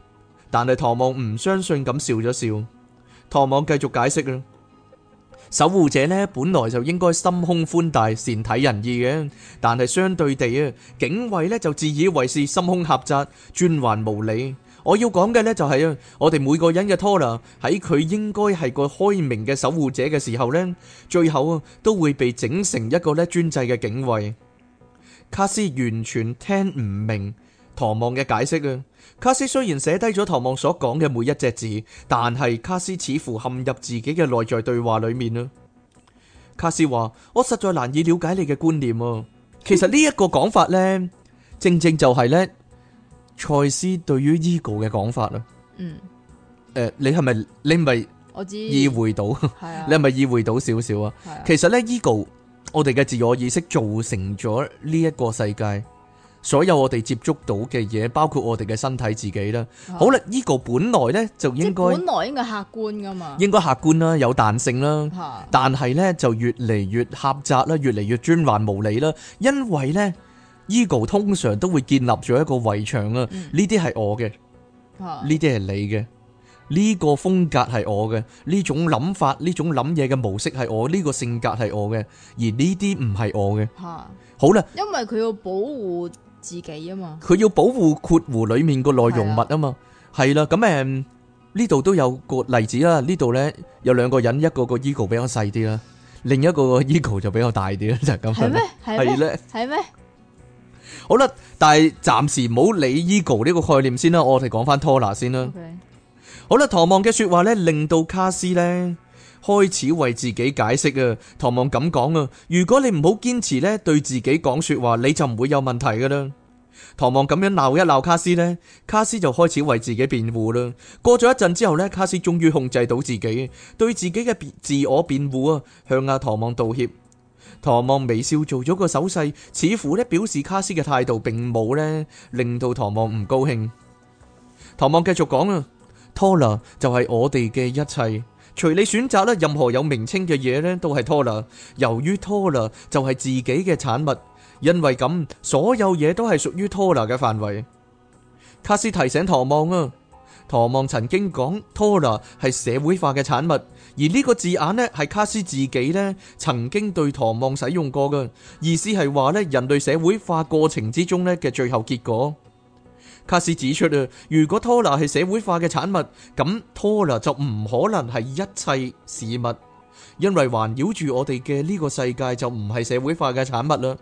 但係唐望唔相信咁，笑咗笑，唐望繼續解釋啦。守護者呢，本來就應該心胸寬大、善體人意嘅，但係相對地啊，警衛呢就自以為是、心胸狹窄、專橫無理。我要講嘅呢，就係啊，我哋每個人嘅拖啦喺佢應該係個開明嘅守護者嘅時候呢，最後啊都會被整成一個呢專制嘅警衛。卡斯完全聽唔明唐望嘅解釋啊。卡斯雖然寫低咗頭望所講嘅每一隻字，但係卡斯似乎陷入自己嘅內在對話裏面啦。卡斯話：我實在難以了解你嘅觀念。其實呢一個講法呢，正正就係呢，賽斯對於 Ego 嘅講法啦。嗯。誒、呃，你係咪？你唔係？我知。意會味到。 <laughs> 你係咪意會到少少啊？係啊。其實呢 Ego 我哋嘅自我意識造成咗呢一個世界。所有我哋接觸到嘅嘢，包括我哋嘅身體自己啦。好啦，ego 本來咧就應該本來應該客觀㗎嘛，應該客觀啦，有彈性啦。嚇！但係咧就越嚟越狹窄啦，越嚟越專橫無理啦。因為咧，ego 通常都會建立咗一個圍牆啊。呢啲係我嘅，呢啲係你嘅，呢個風格係我嘅，呢種諗法、呢種諗嘢嘅模式係我，呢個性格係我嘅，而呢啲唔係我嘅。嚇！好啦，因為佢要保護。自己啊嘛，佢要保護括弧裏面個內容物啊嘛，係啦。咁誒，呢度都有個例子啦。呢度咧有兩個人，一個個 ego 比較細啲啦，另一個個 ego 就比較大啲啦，就咁樣。係咩？係咩？係咩？好啦，但係暫時唔好理 ego 呢個概念先啦，我哋講翻 Tonal 先啦。好啦，唐望嘅說話咧，令到卡斯咧。開始為自己解釋啊，唐望咁講啊，如果你唔好堅持呢，對自己講說話，你就唔會有問題噶啦。唐望咁樣鬧一鬧卡斯呢，卡斯就開始為自己辯護啦。過咗一陣之後呢，卡斯終於控制到自己，對自己嘅自我辯護啊，向阿唐望道歉。唐望微笑做咗個手勢，似乎呢表示卡斯嘅態度並冇呢令到唐望唔高興。唐望繼續講啊，Tonal 就係我哋嘅一切。隨你選擇啦，任何有名稱嘅嘢咧都係 Tonal。由於 Tonal 就係自己嘅產物，因為咁所有嘢都係屬於 Tonal 嘅範圍。卡斯提醒唐望啊，唐望曾經講 Tonal 係社會化嘅產物，而呢個字眼咧係卡斯自己咧曾經對唐望使用過嘅，意思係話咧人類社會化過程之中咧嘅最後結果。卡斯指出啊，如果 Tonal 係社會化嘅產物，咁 Tonal 就唔可能係一切事物，因為環繞住我哋嘅呢個世界就唔係社會化嘅產物啦。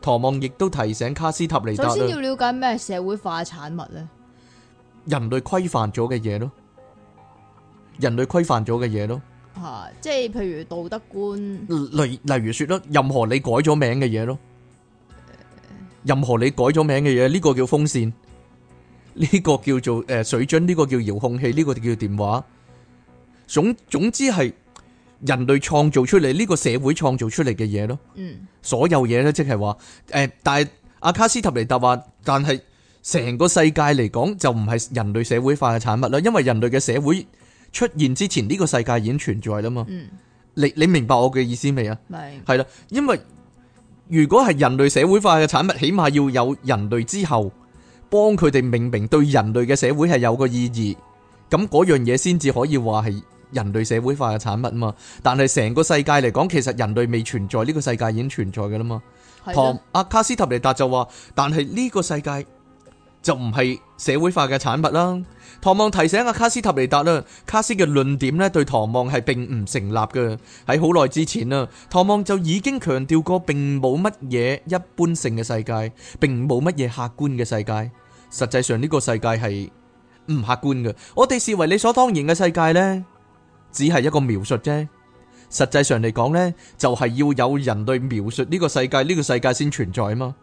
唐望亦都提醒卡斯塔尼達啦。首先要了解咩社會化產物咧？人類規範咗嘅嘢咯，人類規範咗嘅嘢咯。係，即係譬如道德觀，例例如說啦，任何你改咗名嘅嘢咯。任何你改咗名嘅嘢，呢個叫風扇，呢個叫做誒水樽，呢個叫遙控器，呢個叫電話。總總之係人類創造出嚟，呢個社會創造出嚟嘅嘢咯。嗯，所有嘢咧，即係話誒，但係阿卡斯塔尼達話，但係成個世界嚟講就唔係人類社會化嘅產物啦，因為人類嘅社會出現之前，呢個世界已經存在啦嘛。嗯，你你明白我嘅意思未啊？係係啦，因為。如果係人類社會化嘅產物，起碼要有人類之後幫佢哋命名，對人類嘅社會係有個意義，咁嗰樣嘢先至可以話係人類社會化嘅產物嘛。但係成個世界嚟講，其實人類未存在，呢個世界已經存在噶啦嘛。唐阿卡斯塔尼達就話，但係呢個世界。就唔係社會化嘅產物啦。唐望提醒阿卡斯塔尼達啦，卡斯嘅論點咧，對唐望係並唔成立嘅。喺好耐之前啦，唐望就已經強調過，並冇乜嘢一般性嘅世界，並冇乜嘢客觀嘅世界。實際上呢個世界係唔客觀嘅，我哋視為理所當然嘅世界呢，只係一個描述啫。實際上嚟講呢，就係、是、要有人類描述呢個世界，呢、這個世界先存在嘛。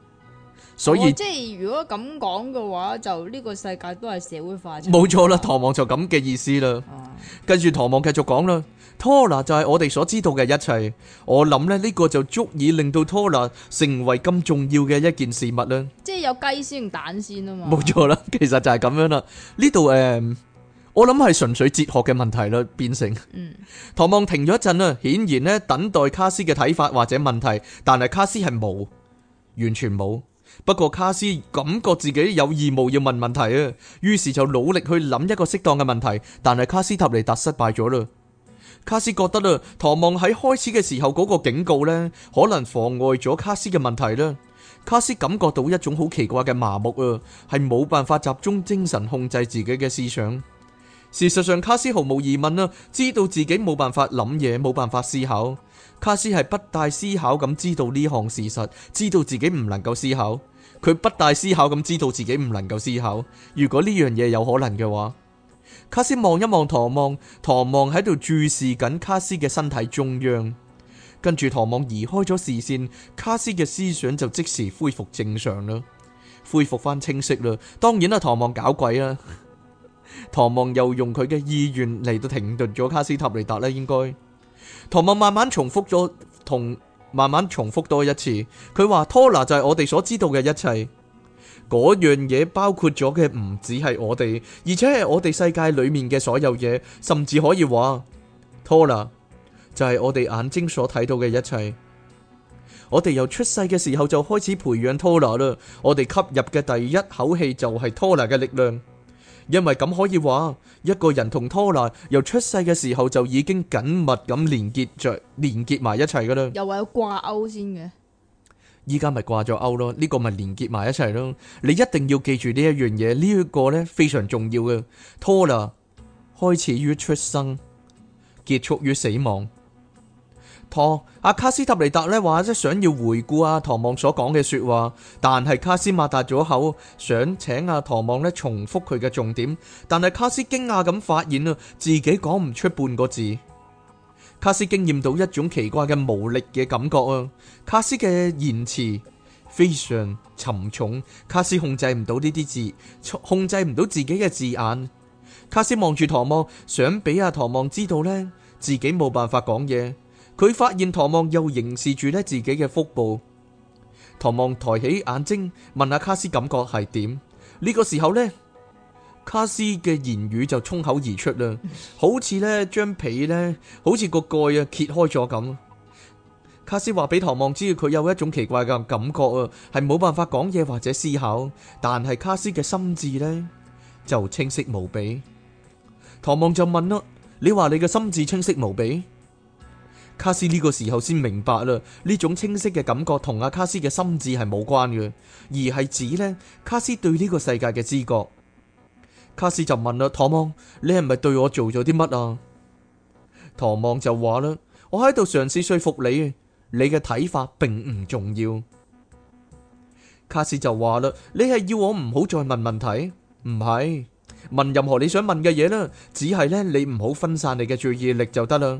所以即係如果咁講嘅話，就呢個世界都係社會化。冇錯啦，唐望就咁嘅意思啦。哦，跟住唐望繼續講啦。Tonal 就係我哋所知道嘅一切。我諗咧呢個就足以令到 Tonal 成為咁重要嘅一件事物啦。即係有雞先蛋先啊嘛。冇錯啦，其實就係咁樣啦。呢度誒，我諗係純粹哲學嘅問題啦，變成。嗯。唐望停咗一陣啦，顯然咧等待卡斯嘅睇法或者問題，但係卡斯係冇，完全冇。不過卡斯感覺自己有義務要問問題啊，於是就努力去諗一個適當嘅問題，但係卡斯塔尼達失敗咗啦。卡斯覺得啦，唐望喺開始嘅時候嗰個警告呢，可能妨礙咗卡斯嘅問題啦。卡斯感覺到一種好奇怪嘅麻木啊，係冇辦法集中精神控制自己嘅思想。事實上，卡斯毫無疑問啦，知道自己冇辦法諗嘢，冇辦法思考。卡斯係不帶思考咁知道呢項事實，知道自己唔能夠思考。佢不帶思考咁知道自己唔能夠思考。如果呢樣嘢有可能嘅話，卡斯望一望唐望，唐望喺度注視緊卡斯嘅身體中央，跟住唐望移開咗視線，卡斯嘅思想就即時恢復正常啦，恢復翻清晰啦。當然啦，唐望搞鬼啦。唐望又用佢嘅意願嚟到停頓咗卡斯塔尼達啦，應該，唐望慢慢重複咗同慢慢重複多一次，佢話 Tonal 就係我哋所知道嘅一切，嗰樣嘢包括咗嘅唔止係我哋，而且係我哋世界裏面嘅所有嘢，甚至可以話 Tonal 就係我哋眼睛所睇到嘅一切。我哋由出世嘅時候就開始培養 Tonal 啦，我哋吸入嘅第一口氣就係 Tonal 嘅力量。因為咁可以話，一個人同 Tonal 由出世嘅時候就已經緊密咁連結着，連結埋一齊噶啦。又話要掛勾先嘅，依家咪掛咗勾咯，呢、這個咪連結埋一齊咯。你一定要記住、這個、呢一樣嘢，呢一個咧非常重要嘅。Tonal 開始於出生，結束於死亡。阿、哦啊、卡斯塔尼達咧話即想要回顧阿唐望所講嘅說話，但係卡斯瑪達咗口想請阿、啊、唐望咧重複佢嘅重點，但係卡斯驚訝咁發現啊自己講唔出半個字，卡斯經驗到一種奇怪嘅無力嘅感覺啊，卡斯嘅言辭非常沉重，卡斯控制唔到呢啲字，控制唔到自己嘅字眼，卡斯望住唐望想俾阿唐望知道呢，自己冇辦法講嘢。佢發現唐望又凝視住咧自己嘅腹部，唐望抬起眼睛問下、啊、卡斯感覺係點？呢、呢個時候呢，卡斯嘅言語就衝口而出啦，好似呢張被呢，好似個蓋啊揭開咗咁。卡斯話俾唐望知佢有一種奇怪嘅感覺啊，係冇辦法講嘢或者思考，但係卡斯嘅心智呢，就清晰無比。唐望就問啊：你話你嘅心智清晰無比？卡斯呢個時候先明白啦，呢種清晰嘅感覺同阿卡斯嘅心智係冇關嘅，而係指呢，卡斯對呢個世界嘅知覺。卡斯就問啦：唐望，你係咪對我做咗啲乜啊？唐望就話啦：我喺度嘗試說服你，你嘅睇法並唔重要。卡斯就話啦：你係要我唔好再問問題？唔係，問任何你想問嘅嘢啦，只係呢，你唔好分散你嘅注意力就得啦。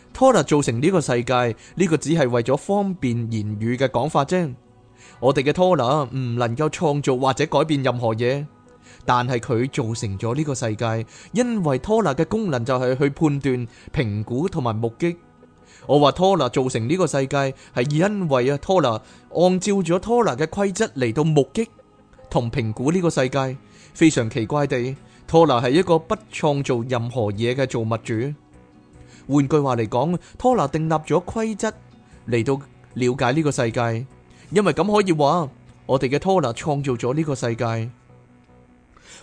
Tonal 造成呢個世界呢、呢個只係為咗方便言語嘅講法啫。我哋嘅 Tonal 唔能夠創造或者改變任何嘢，但係佢造成咗呢個世界，因為 Tonal 嘅功能就係去判斷、評估同埋目擊。我話 Tonal 造成呢個世界係因為啊，Tonal 按照咗 Tonal 嘅規則嚟到目擊同評估呢個世界。非常奇怪地，Tonal 係一個不創造任何嘢嘅造物主。換句話嚟講，Tonal 訂立咗規則嚟到了解呢個世界，因為咁可以話我哋嘅 Tonal 創造咗呢個世界。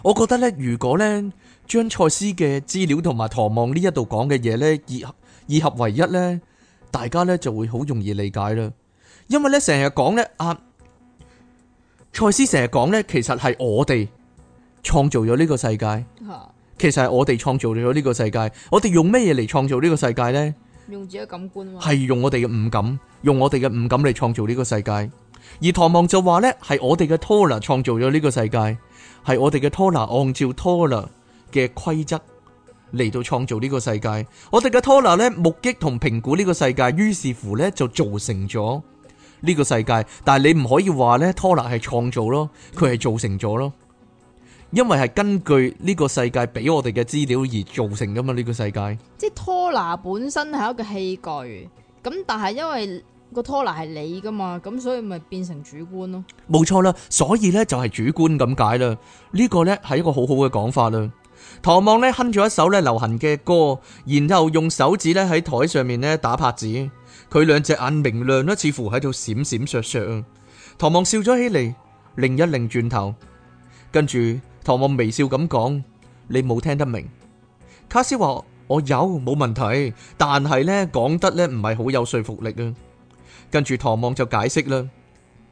我覺得呢，如果呢將蔡司嘅資料同埋唐望呢一度講嘅嘢咧，二二合為一呢，大家呢就會好容易理解啦。因為呢，成日講呢，啊，蔡司成日講呢，其實係我哋創造咗呢個世界。嗯。其實係我哋創造咗呢個世界，我哋用咩嘢嚟創造呢個世界呢？用自己感官係用我哋嘅五感，用我哋嘅五感嚟創造呢個世界。而唐望就話呢係我哋嘅 Tonal 創造咗呢個世界，係我哋嘅 Tonal 按照 Tonal 嘅規則嚟到創造呢個世界。我哋嘅 Tonal 咧目擊同評估呢個世界，於是乎呢就造成咗呢個世界。但係你唔可以話咧 Tonal 係創造咯，佢係造成咗咯。因為係根據呢個世界俾我哋嘅資料而造成噶嘛，呢個世界即係拖拿本身係一個器具，咁但係因為個拖拿係你噶嘛，咁所以咪變成主觀咯。冇錯啦，所以呢就係主觀咁解啦。呢個呢係一個好好嘅講法啦。唐望呢哼咗一首呢流行嘅歌，然後用手指呢喺台上面呢打拍子，佢兩隻眼明亮啦，似乎喺度閃閃爍爍。唐望笑咗起嚟，擰一擰轉頭，跟住。唐望微笑咁講：你冇聽得明？卡斯話：我有冇問題？但係呢講得呢唔係好有說服力啊。跟住唐望就解釋啦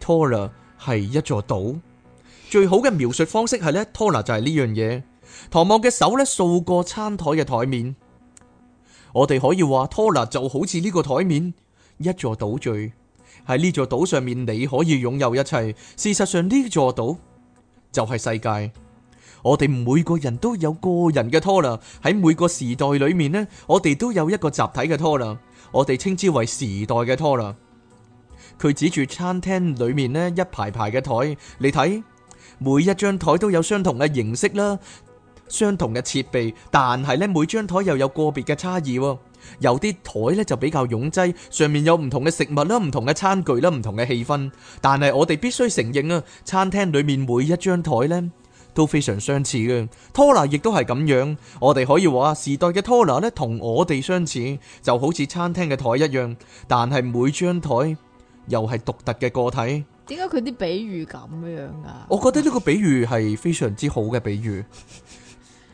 Tonal 係一座島，最好嘅描述方式係呢 Tonal 就係呢樣嘢。唐望嘅手呢掃過餐台嘅台面，我哋可以話 Tonal 就好似呢個台面，一座島嶼喺呢座島上面，你可以擁有一切。事實上呢座島就係世界。我哋每個人都有個人嘅拖啦，喺每個時代裏面咧，我哋都有一個集體嘅拖啦，我哋稱之為時代嘅拖啦。佢指住餐廳裏面咧一排排嘅台，你睇，每一張台都有相同嘅形式啦，相同嘅設備，但係咧每張台又有個別嘅差異。有啲台咧就比較擁擠，上面有唔同嘅食物啦、唔同嘅餐具啦、唔同嘅氣氛。但係我哋必須承認啊，餐廳裏面每一張台咧，都非常相似嘅，拖拿亦都係咁樣。我哋可以話啊，時代嘅拖拿呢同我哋相似，就好似餐廳嘅台一樣，但係每張台又係獨特嘅個體。點解佢啲比喻咁樣噶？我覺得呢個比喻係非常之好嘅比喻，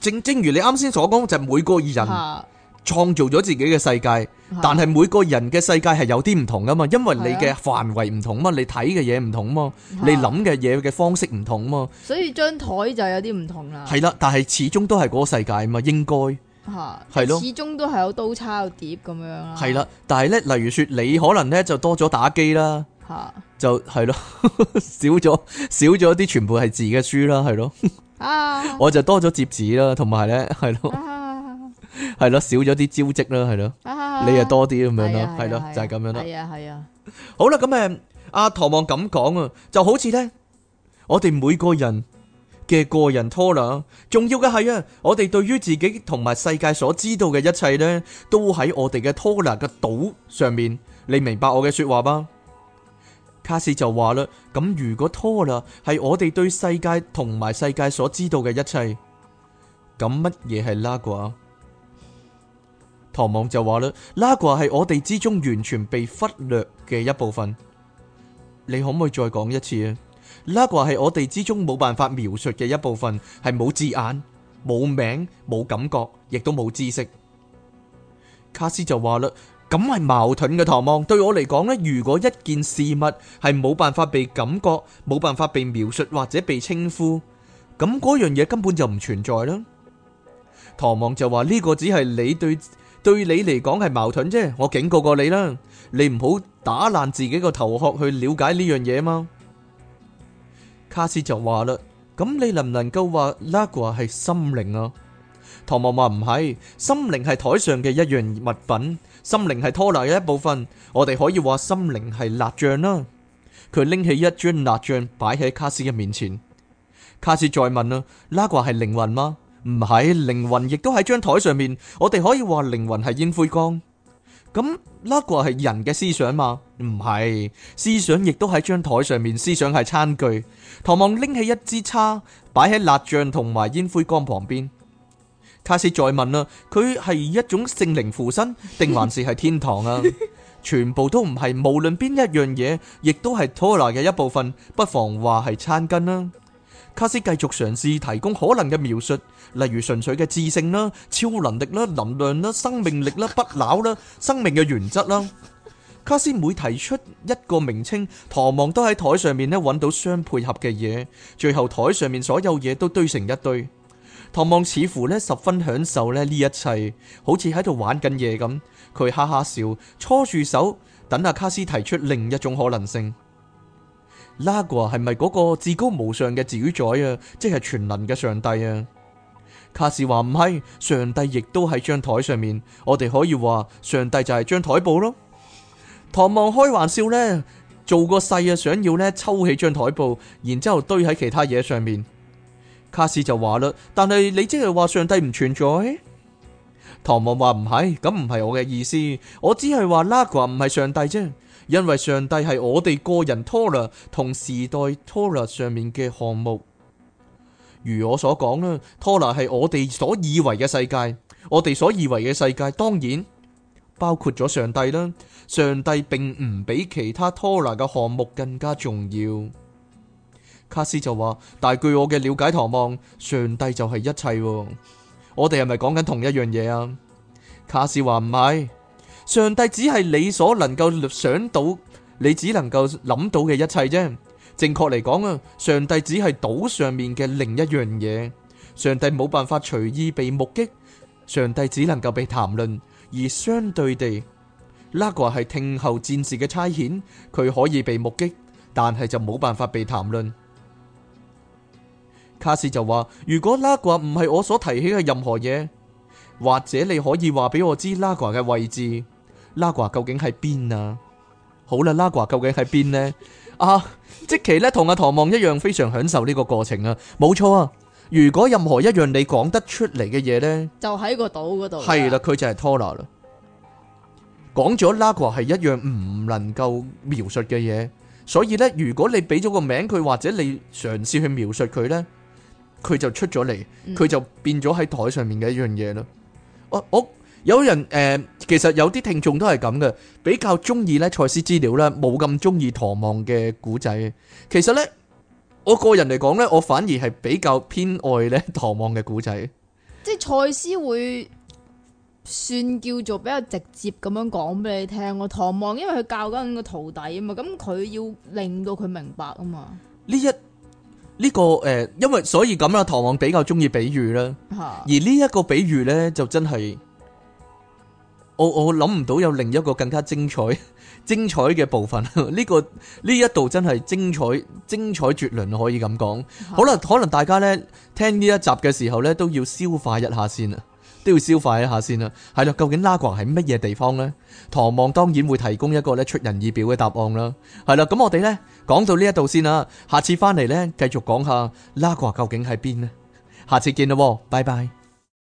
正正如你啱先所講，就係每個人，創造咗自己嘅世界，但係每個人嘅世界係有啲唔同噶嘛，因為你嘅範圍唔同嘛，你睇嘅嘢唔同嘛，你諗嘅嘢嘅方式唔同嘛，所以張台就係有啲唔同啦。係啦，但係始終都係嗰個世界嘛，應該吓係咯，始終都係有刀叉碟咁樣啦。係啦，但係咧，例如說你可能咧就多咗打機啦，就係咯，少咗少咗啲全部係字嘅書啦，係咯，我就多咗折紙啦，同埋咧，係咯。係咯，少咗啲招積啦，係咯，你又多啲咁樣咯，係咯，就係咁樣咯。係啊，係啊，好啦，咁誒，阿唐望咁講啊，就好似咧，我哋每個人嘅個人 Tonal 重要嘅係啊，我哋對於自己同埋世界所知道嘅一切呢，都喺我哋嘅 Tonal 嘅島上面。你明白我嘅說話吧？卡斯就話啦，咁如果 Tonal 係我哋對世界同埋世界所知道嘅一切，咁乜嘢係拉掛？唐望就話啦，拉瓜係我哋之中完全被忽略嘅一部分。你可唔可以再講一次啊？拉瓜係我哋之中冇辦法描述嘅一部分，係冇字眼、冇名、冇感覺，亦都冇知識。卡斯就話啦，咁係矛盾嘅。唐望對我嚟講咧，如果一件事物係冇辦法被感覺、冇辦法被描述或者被稱呼，咁嗰樣嘢根本就唔存在啦。唐望就話呢、這個只係你對。對你嚟講係矛盾啫，我警告過你啦，你唔好打爛自己個頭殼去了解呢樣嘢啊！嘛，卡斯就話啦，咁你能唔能夠話拉瓜係心靈啊？唐媽媽唔係，心靈係台上嘅一樣物品，心靈係拖拉嘅一部分，我哋可以話心靈係辣醬啦。佢拎起一樽辣醬擺喺卡斯嘅面前，卡斯再問啦：拉瓜係靈魂嗎？唔係靈魂，亦都喺張台上面。我哋可以話靈魂係煙灰缸。咁，呢、那個係人嘅思想嘛？唔係思想，亦都喺張台上面。思想係餐具。唐望拎起一支叉，擺喺辣醬同埋煙灰缸旁邊。卡斯再問啦、啊：佢係一種聖靈附身，定還是係天堂啊？ <laughs> 全部都唔係，無論邊一樣嘢，亦都係 Tonal 嘅一部分。不妨話係餐巾啦、啊。卡斯繼續嘗試提供可能嘅描述，例如純粹嘅智性啦、超能力啦、能量啦、生命力啦、不朽啦、生命嘅原則啦。卡斯每提出一個名稱，唐望都喺台上面揾到相配合嘅嘢，最後台上面所有嘢都堆成一堆。唐望似乎咧十分享受咧呢一切，好似喺度玩緊嘢咁。佢哈哈笑，搓住手，等阿卡斯提出另一種可能性。拉瓜係咪嗰個至高無上嘅主宰啊？即係全能嘅上帝啊？卡士話唔係，上帝亦都喺張台上面。我哋可以話上帝就係張台布咯。唐望開玩笑呢，做個細啊，想要呢，抽起張台布，然之後堆喺其他嘢上面。卡士就話啦，但係你即係話上帝唔存在？唐望話唔係，咁唔係我嘅意思，我只係話拉瓜唔係上帝啫。因為上帝係我哋個人托拉同時代托拉上面嘅項目，如我所講啦，托拉係我哋所以為嘅世界，我哋所以為嘅世界當然包括咗上帝啦。上帝並唔比其他托拉嘅項目更加重要。卡斯就話，但係據我嘅了解唐望，上帝就係一切。我哋係咪講緊同一樣嘢啊？卡斯話唔係。上帝只係你所能夠想到，你只能夠諗到嘅一切啫。正確嚟講啊，上帝只係島上面嘅另一樣嘢。上帝冇辦法隨意被目擊，上帝只能夠被談論。而相對地，拉瓜係聽候戰士嘅差遣，佢可以被目擊，但係就冇辦法被談論。卡斯就話：如果拉瓜唔係我所提起嘅任何嘢，或者你可以話俾我知拉瓜嘅位置。拉瓜究竟喺邊啊？好啦，拉瓜究竟喺邊呢？阿即其咧同阿唐望一樣非常享受呢個過程啊！冇錯啊！如果任何一樣你講得出嚟嘅嘢咧，就喺個島嗰度。係啦，佢就係 Tonal 啦。講咗拉瓜係一樣唔能夠描述嘅嘢，所以咧，如果你俾咗個名佢，或者你嘗試去描述佢咧，佢就出咗嚟，佢就變咗喺台上面嘅一樣嘢啦。我我。有人誒，其實有啲聽眾都係咁嘅，比較中意咧賽斯資料啦，冇咁中意唐望嘅古仔。其實咧，我個人嚟講咧，我反而係比較偏愛咧唐望嘅古仔。即係賽斯會算叫做比較直接咁樣講俾你聽咯。唐望因為佢教緊個徒弟啊嘛，咁佢要令到佢明白啊嘛。呢一呢個誒，因為所以咁啊，唐望比較中意比喻啦。而呢一個比喻咧，就真係。我我諗唔到有另一個更加精彩精彩嘅部分，呢、 <laughs> 呢個呢一度真係精彩精彩絕倫可以咁講。啊、好啦，可能大家呢聽呢一集嘅時候呢，都要消化一下先啊，都要消化一下先啦。係啦，究竟拉瓜喺乜嘢地方呢？唐望當然會提供一個咧出人意表嘅答案啦。係啦，咁我哋呢講到呢一度先啦，下次翻嚟呢，繼續講下拉瓜究竟喺邊咧。下次見啦，拜拜。